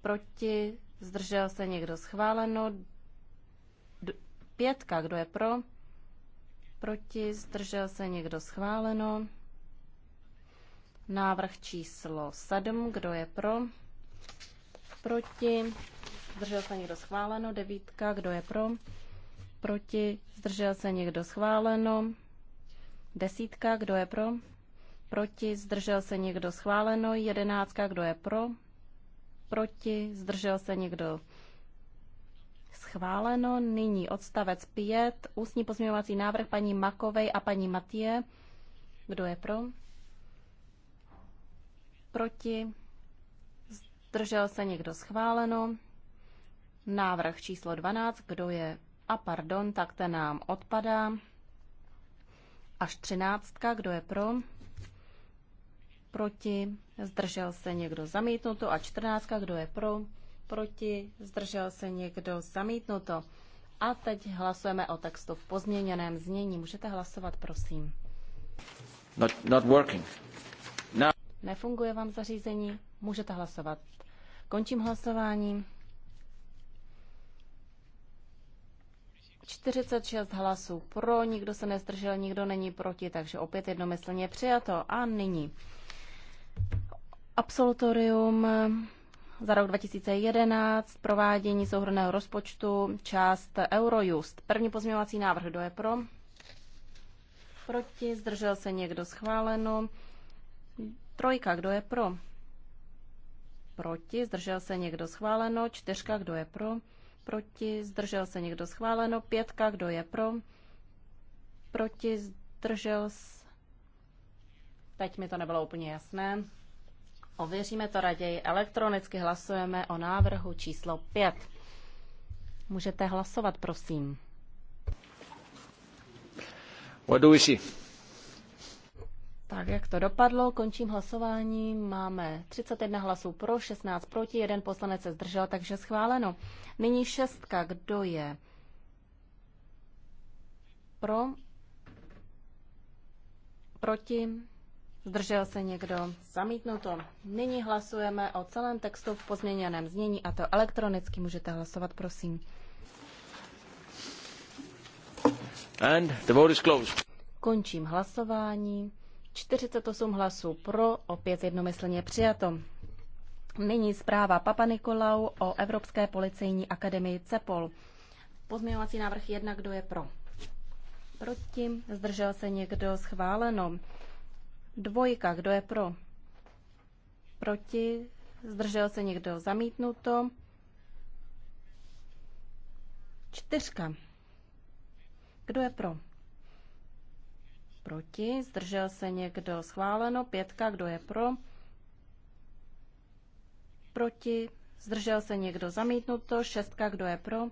Proti? Zdržel se někdo? Schváleno. D- pětka. Kdo je pro? Proti? Zdržel se někdo? Schváleno. Návrh číslo 7. Kdo je pro? Proti? Zdržel se někdo? Schváleno. Devítka. Kdo je pro? Proti? Zdržel se někdo? Schváleno. Desítka. Kdo je pro? proti, zdržel se někdo schváleno, jedenáctka, kdo je pro, proti, zdržel se někdo schváleno. Nyní odstavec 5, ústní pozměňovací návrh paní Makovej a paní Matie. Kdo je pro? Proti? Zdržel se někdo schváleno? Návrh číslo 12, kdo je? A pardon, tak ten nám odpadá. Až 13, kdo je pro? proti, zdržel se někdo zamítnuto a 14, kdo je pro, proti, zdržel se někdo zamítnuto. A teď hlasujeme o textu v pozměněném znění. Můžete hlasovat, prosím. Not, not working. No. Nefunguje vám zařízení? Můžete hlasovat. Končím hlasování. 46 hlasů pro, nikdo se nestržel, nikdo není proti, takže opět jednomyslně přijato. A nyní Absolutorium za rok 2011, provádění souhrného rozpočtu, část Eurojust. První pozměňovací návrh, kdo je pro? Proti, zdržel se někdo schváleno. Trojka, kdo je pro? Proti, zdržel se někdo schváleno. Čtyřka, kdo je pro? Proti, zdržel se někdo schváleno. Pětka, kdo je pro? Proti, zdržel se... Teď mi to nebylo úplně jasné. Ověříme to raději elektronicky. Hlasujeme o návrhu číslo 5. Můžete hlasovat, prosím. Tak, jak to dopadlo, končím hlasování. Máme 31 hlasů pro, 16 proti, jeden poslanec se zdržel, takže schváleno. Nyní šestka, kdo je pro, proti, Zdržel se někdo? Zamítnuto. Nyní hlasujeme o celém textu v pozměněném znění a to elektronicky můžete hlasovat, prosím. And the vote is closed. Končím hlasování. 48 hlasů pro, opět jednomyslně přijato. Nyní zpráva Papa Nikolau o Evropské policejní akademii CEPOL. Pozměňovací návrh jedna, kdo je pro? Proti? Zdržel se někdo? Schváleno. Dvojka, kdo je pro? Proti? Zdržel se někdo? Zamítnuto. Čtyřka. Kdo je pro? Proti? Zdržel se někdo? Schváleno. Pětka, kdo je pro? Proti? Zdržel se někdo? Zamítnuto. Šestka, kdo je pro?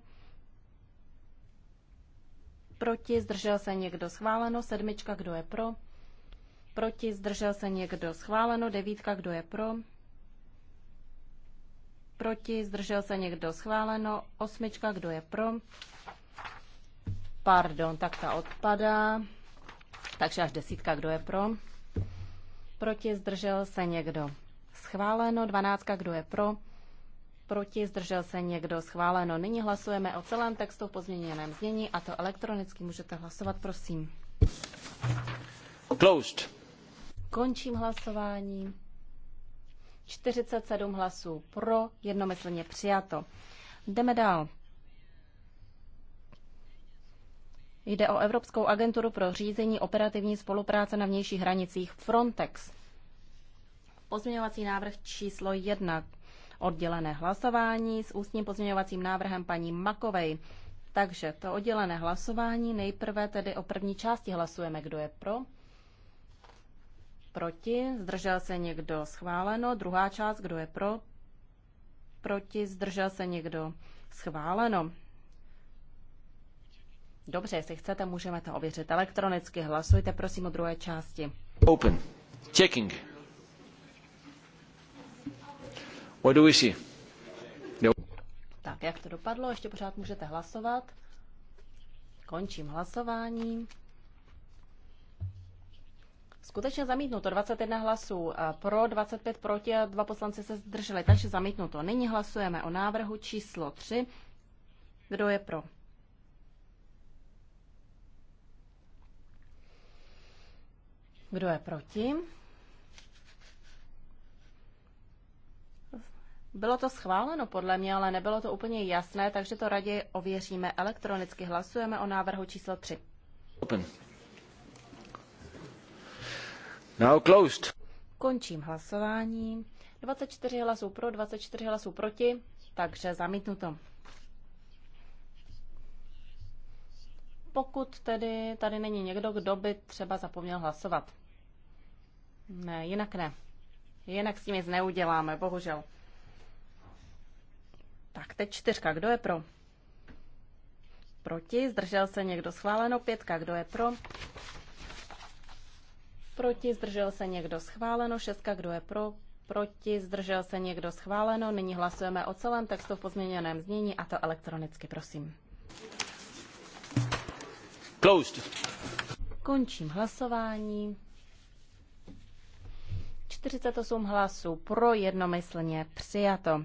Proti? Zdržel se někdo? Schváleno. Sedmička, kdo je pro? proti, zdržel se někdo, schváleno, devítka, kdo je pro, proti, zdržel se někdo, schváleno, osmička, kdo je pro, pardon, tak ta odpadá, takže až desítka, kdo je pro, proti, zdržel se někdo, schváleno, dvanáctka, kdo je pro, proti, zdržel se někdo, schváleno. Nyní hlasujeme o celém textu v pozměněném znění a to elektronicky můžete hlasovat, prosím. Closed. Končím hlasování. 47 hlasů pro, jednomyslně přijato. Jdeme dál. Jde o Evropskou agenturu pro řízení operativní spolupráce na vnějších hranicích Frontex. Pozměňovací návrh číslo 1. Oddělené hlasování s ústním pozměňovacím návrhem paní Makovej. Takže to oddělené hlasování nejprve tedy o první části hlasujeme. Kdo je pro? Proti? Zdržel se někdo? Schváleno. Druhá část. Kdo je pro? Proti? Zdržel se někdo? Schváleno. Dobře, jestli chcete, můžeme to ověřit elektronicky. Hlasujte prosím o druhé části. Open. Checking. What do we see? No. Tak, jak to dopadlo? Ještě pořád můžete hlasovat. Končím hlasování skutečně zamítnuto. 21 hlasů eh, pro, 25 proti a dva poslanci se zdrželi, takže zamítnuto. Nyní hlasujeme o návrhu číslo 3. Kdo je pro? Kdo je proti? Bylo to schváleno podle mě, ale nebylo to úplně jasné, takže to raději ověříme elektronicky. Hlasujeme o návrhu číslo 3. Open. Now closed. Končím hlasování. 24 hlasů pro, 24 hlasů proti, takže zamítnuto. Pokud tedy tady není někdo, kdo by třeba zapomněl hlasovat. Ne, jinak ne. Jinak s tím nic neuděláme, bohužel. Tak, teď čtyřka. Kdo je pro? Proti. Zdržel se někdo schváleno. Pětka. Kdo je pro? proti, zdržel se někdo schváleno, šestka, kdo je pro, proti, zdržel se někdo schváleno. Nyní hlasujeme o celém textu v pozměněném znění a to elektronicky, prosím. Closed. Končím hlasování. 48 hlasů pro jednomyslně přijato.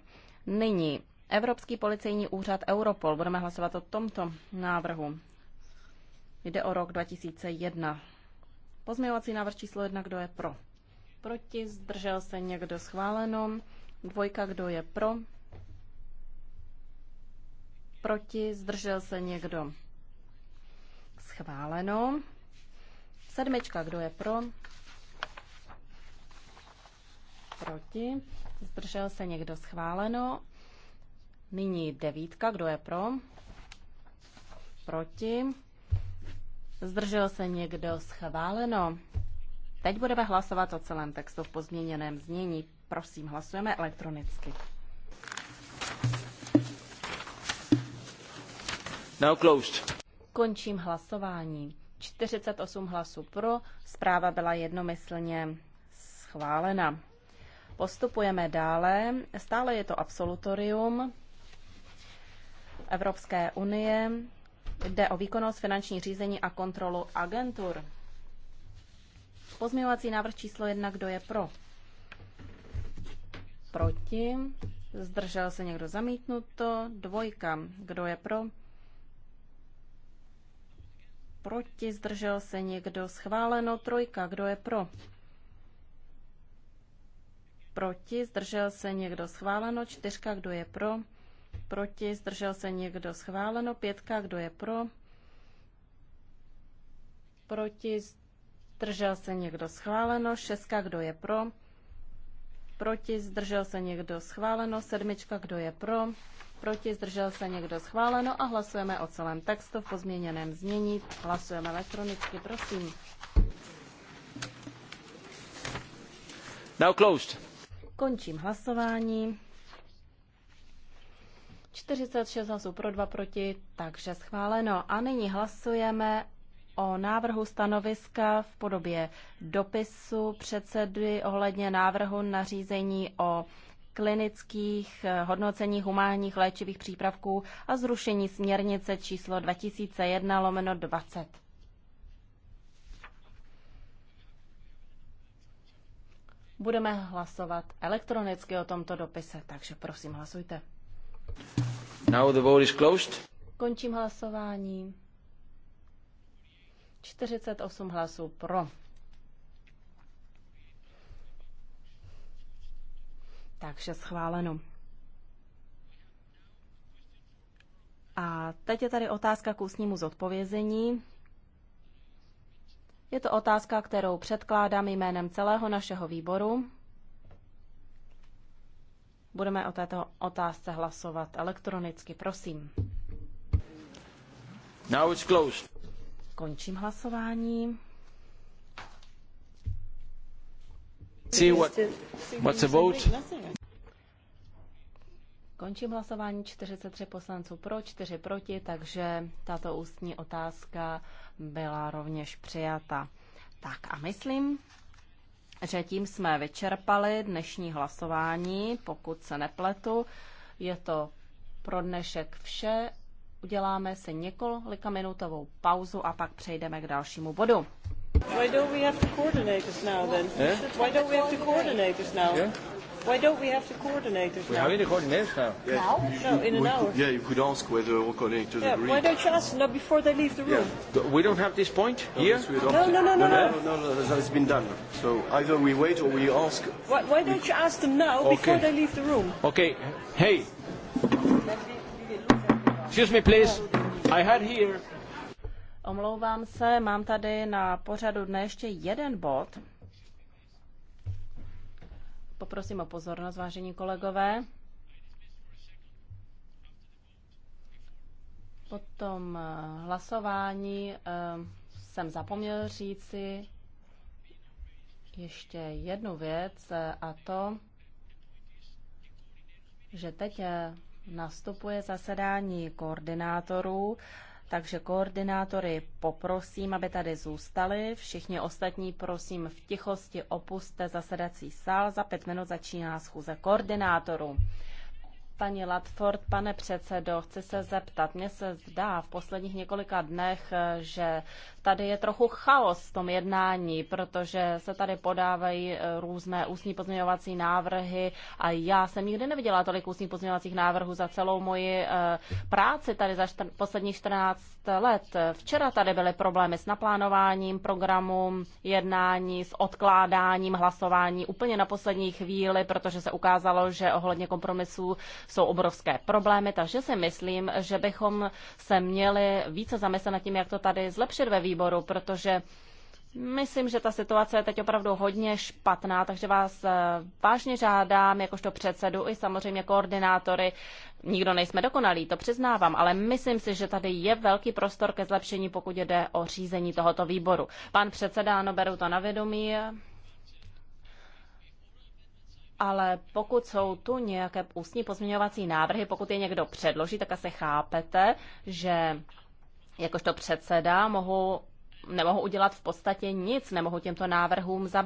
Nyní Evropský policejní úřad Europol. Budeme hlasovat o tomto návrhu. Jde o rok 2001. Pozměňovací návrh číslo jedna, kdo je pro? Proti, zdržel se někdo schváleno. Dvojka, kdo je pro? Proti, zdržel se někdo schváleno. Sedmička, kdo je pro? Proti, zdržel se někdo schváleno. Nyní devítka, kdo je pro? Proti. Zdržel se někdo? Schváleno. Teď budeme hlasovat o celém textu v pozměněném znění. Prosím, hlasujeme elektronicky. Now closed. Končím hlasování. 48 hlasů pro, zpráva byla jednomyslně schválena. Postupujeme dále. Stále je to absolutorium Evropské unie. Jde o výkonnost, finanční řízení a kontrolu agentur. Pozměňovací návrh číslo jedna, kdo je pro? Proti. Zdržel se někdo zamítnuto. Dvojka, kdo je pro? Proti. Zdržel se někdo schváleno. Trojka, kdo je pro? Proti. Zdržel se někdo schváleno. Čtyřka, kdo je pro? proti, zdržel se někdo schváleno, pětka, kdo je pro, proti, zdržel se někdo schváleno, šestka, kdo je pro, proti, zdržel se někdo schváleno, sedmička, kdo je pro, proti, zdržel se někdo schváleno a hlasujeme o celém textu v pozměněném znění. Hlasujeme elektronicky, prosím. Now closed. Končím hlasování. 46 hlasů pro, 2 proti, takže schváleno. A nyní hlasujeme o návrhu stanoviska v podobě dopisu předsedy ohledně návrhu nařízení o klinických eh, hodnocení humánních léčivých přípravků a zrušení směrnice číslo 2001 lomeno 20. Budeme hlasovat elektronicky o tomto dopise, takže prosím hlasujte. Now the vote is closed. Končím hlasování. 48 hlasů pro. Takže schváleno. A teď je tady otázka k ústnímu zodpovězení. Je to otázka, kterou předkládám jménem celého našeho výboru. Budeme o této otázce hlasovat elektronicky. Prosím. Now it's closed. Končím hlasování. See what, what's the vote? Končím hlasování 43 poslanců pro, 4 proti, takže tato ústní otázka byla rovněž přijata. Tak a myslím, že tím jsme vyčerpali dnešní hlasování, pokud se nepletu. Je to pro dnešek vše. Uděláme si několika minutovou pauzu a pak přejdeme k dalšímu bodu. Why don't we have to coordinate this now then? Yeah? Why don't we have to coordinate this now? Yeah? Why don't we have the coordinators We're now? have the coordinators now. Yeah, now? You, no, in an hour. Could, yeah, you could ask whether all coordinators yeah, agree. Why don't you ask now before they leave the room? Yeah. We don't have this point no, here? No, no no no, no no no, no, no, no, no, no. no, no, It's been done. So either we wait or we ask. Why, why don't you ask them now okay. before they leave the room? Okay. Hey. Excuse me, please. I had here. Omlouvám se, mám tady na pořadu dne ještě jeden bod, Poprosím o pozornost, vážení kolegové. Po tom eh, hlasování eh, jsem zapomněl říci ještě jednu věc eh, a to, že teď nastupuje zasedání koordinátorů takže koordinátory poprosím, aby tady zůstali. Všichni ostatní prosím v tichosti opuste zasedací sál. Za pět minut začíná schůze koordinátorů. Paní Latford, pane předsedo, chci se zeptat. Mně se zdá v posledních několika dnech, že tady je trochu chaos v tom jednání, protože se tady podávají eh, různé ústní pozměňovací návrhy a já jsem nikdy neviděla tolik ústních pozměňovacích návrhů za celou moji eh, práci tady za čtr- posledních 14 let. Včera tady byly problémy s naplánováním programu, jednání, s odkládáním hlasování úplně na poslední chvíli, protože se ukázalo, že ohledně kompromisů jsou obrovské problémy, takže si myslím, že bychom se měli více zamyslet nad tím, jak to tady zlepšit ve výboru výboru, protože Myslím, že ta situace je teď opravdu hodně špatná, takže vás eh, vážně žádám, jakožto předsedu i samozřejmě koordinátory. Nikdo nejsme dokonalí, to přiznávám, ale myslím si, že tady je velký prostor ke zlepšení, pokud jde o řízení tohoto výboru. Pan předseda, ano, beru to na vědomí. Ale pokud jsou tu nějaké ústní pozměňovací návrhy, pokud je někdo předloží, tak asi chápete, že jakožto předseda mohu, nemohu udělat v podstatě nic, nemohu těmto návrhům zabránit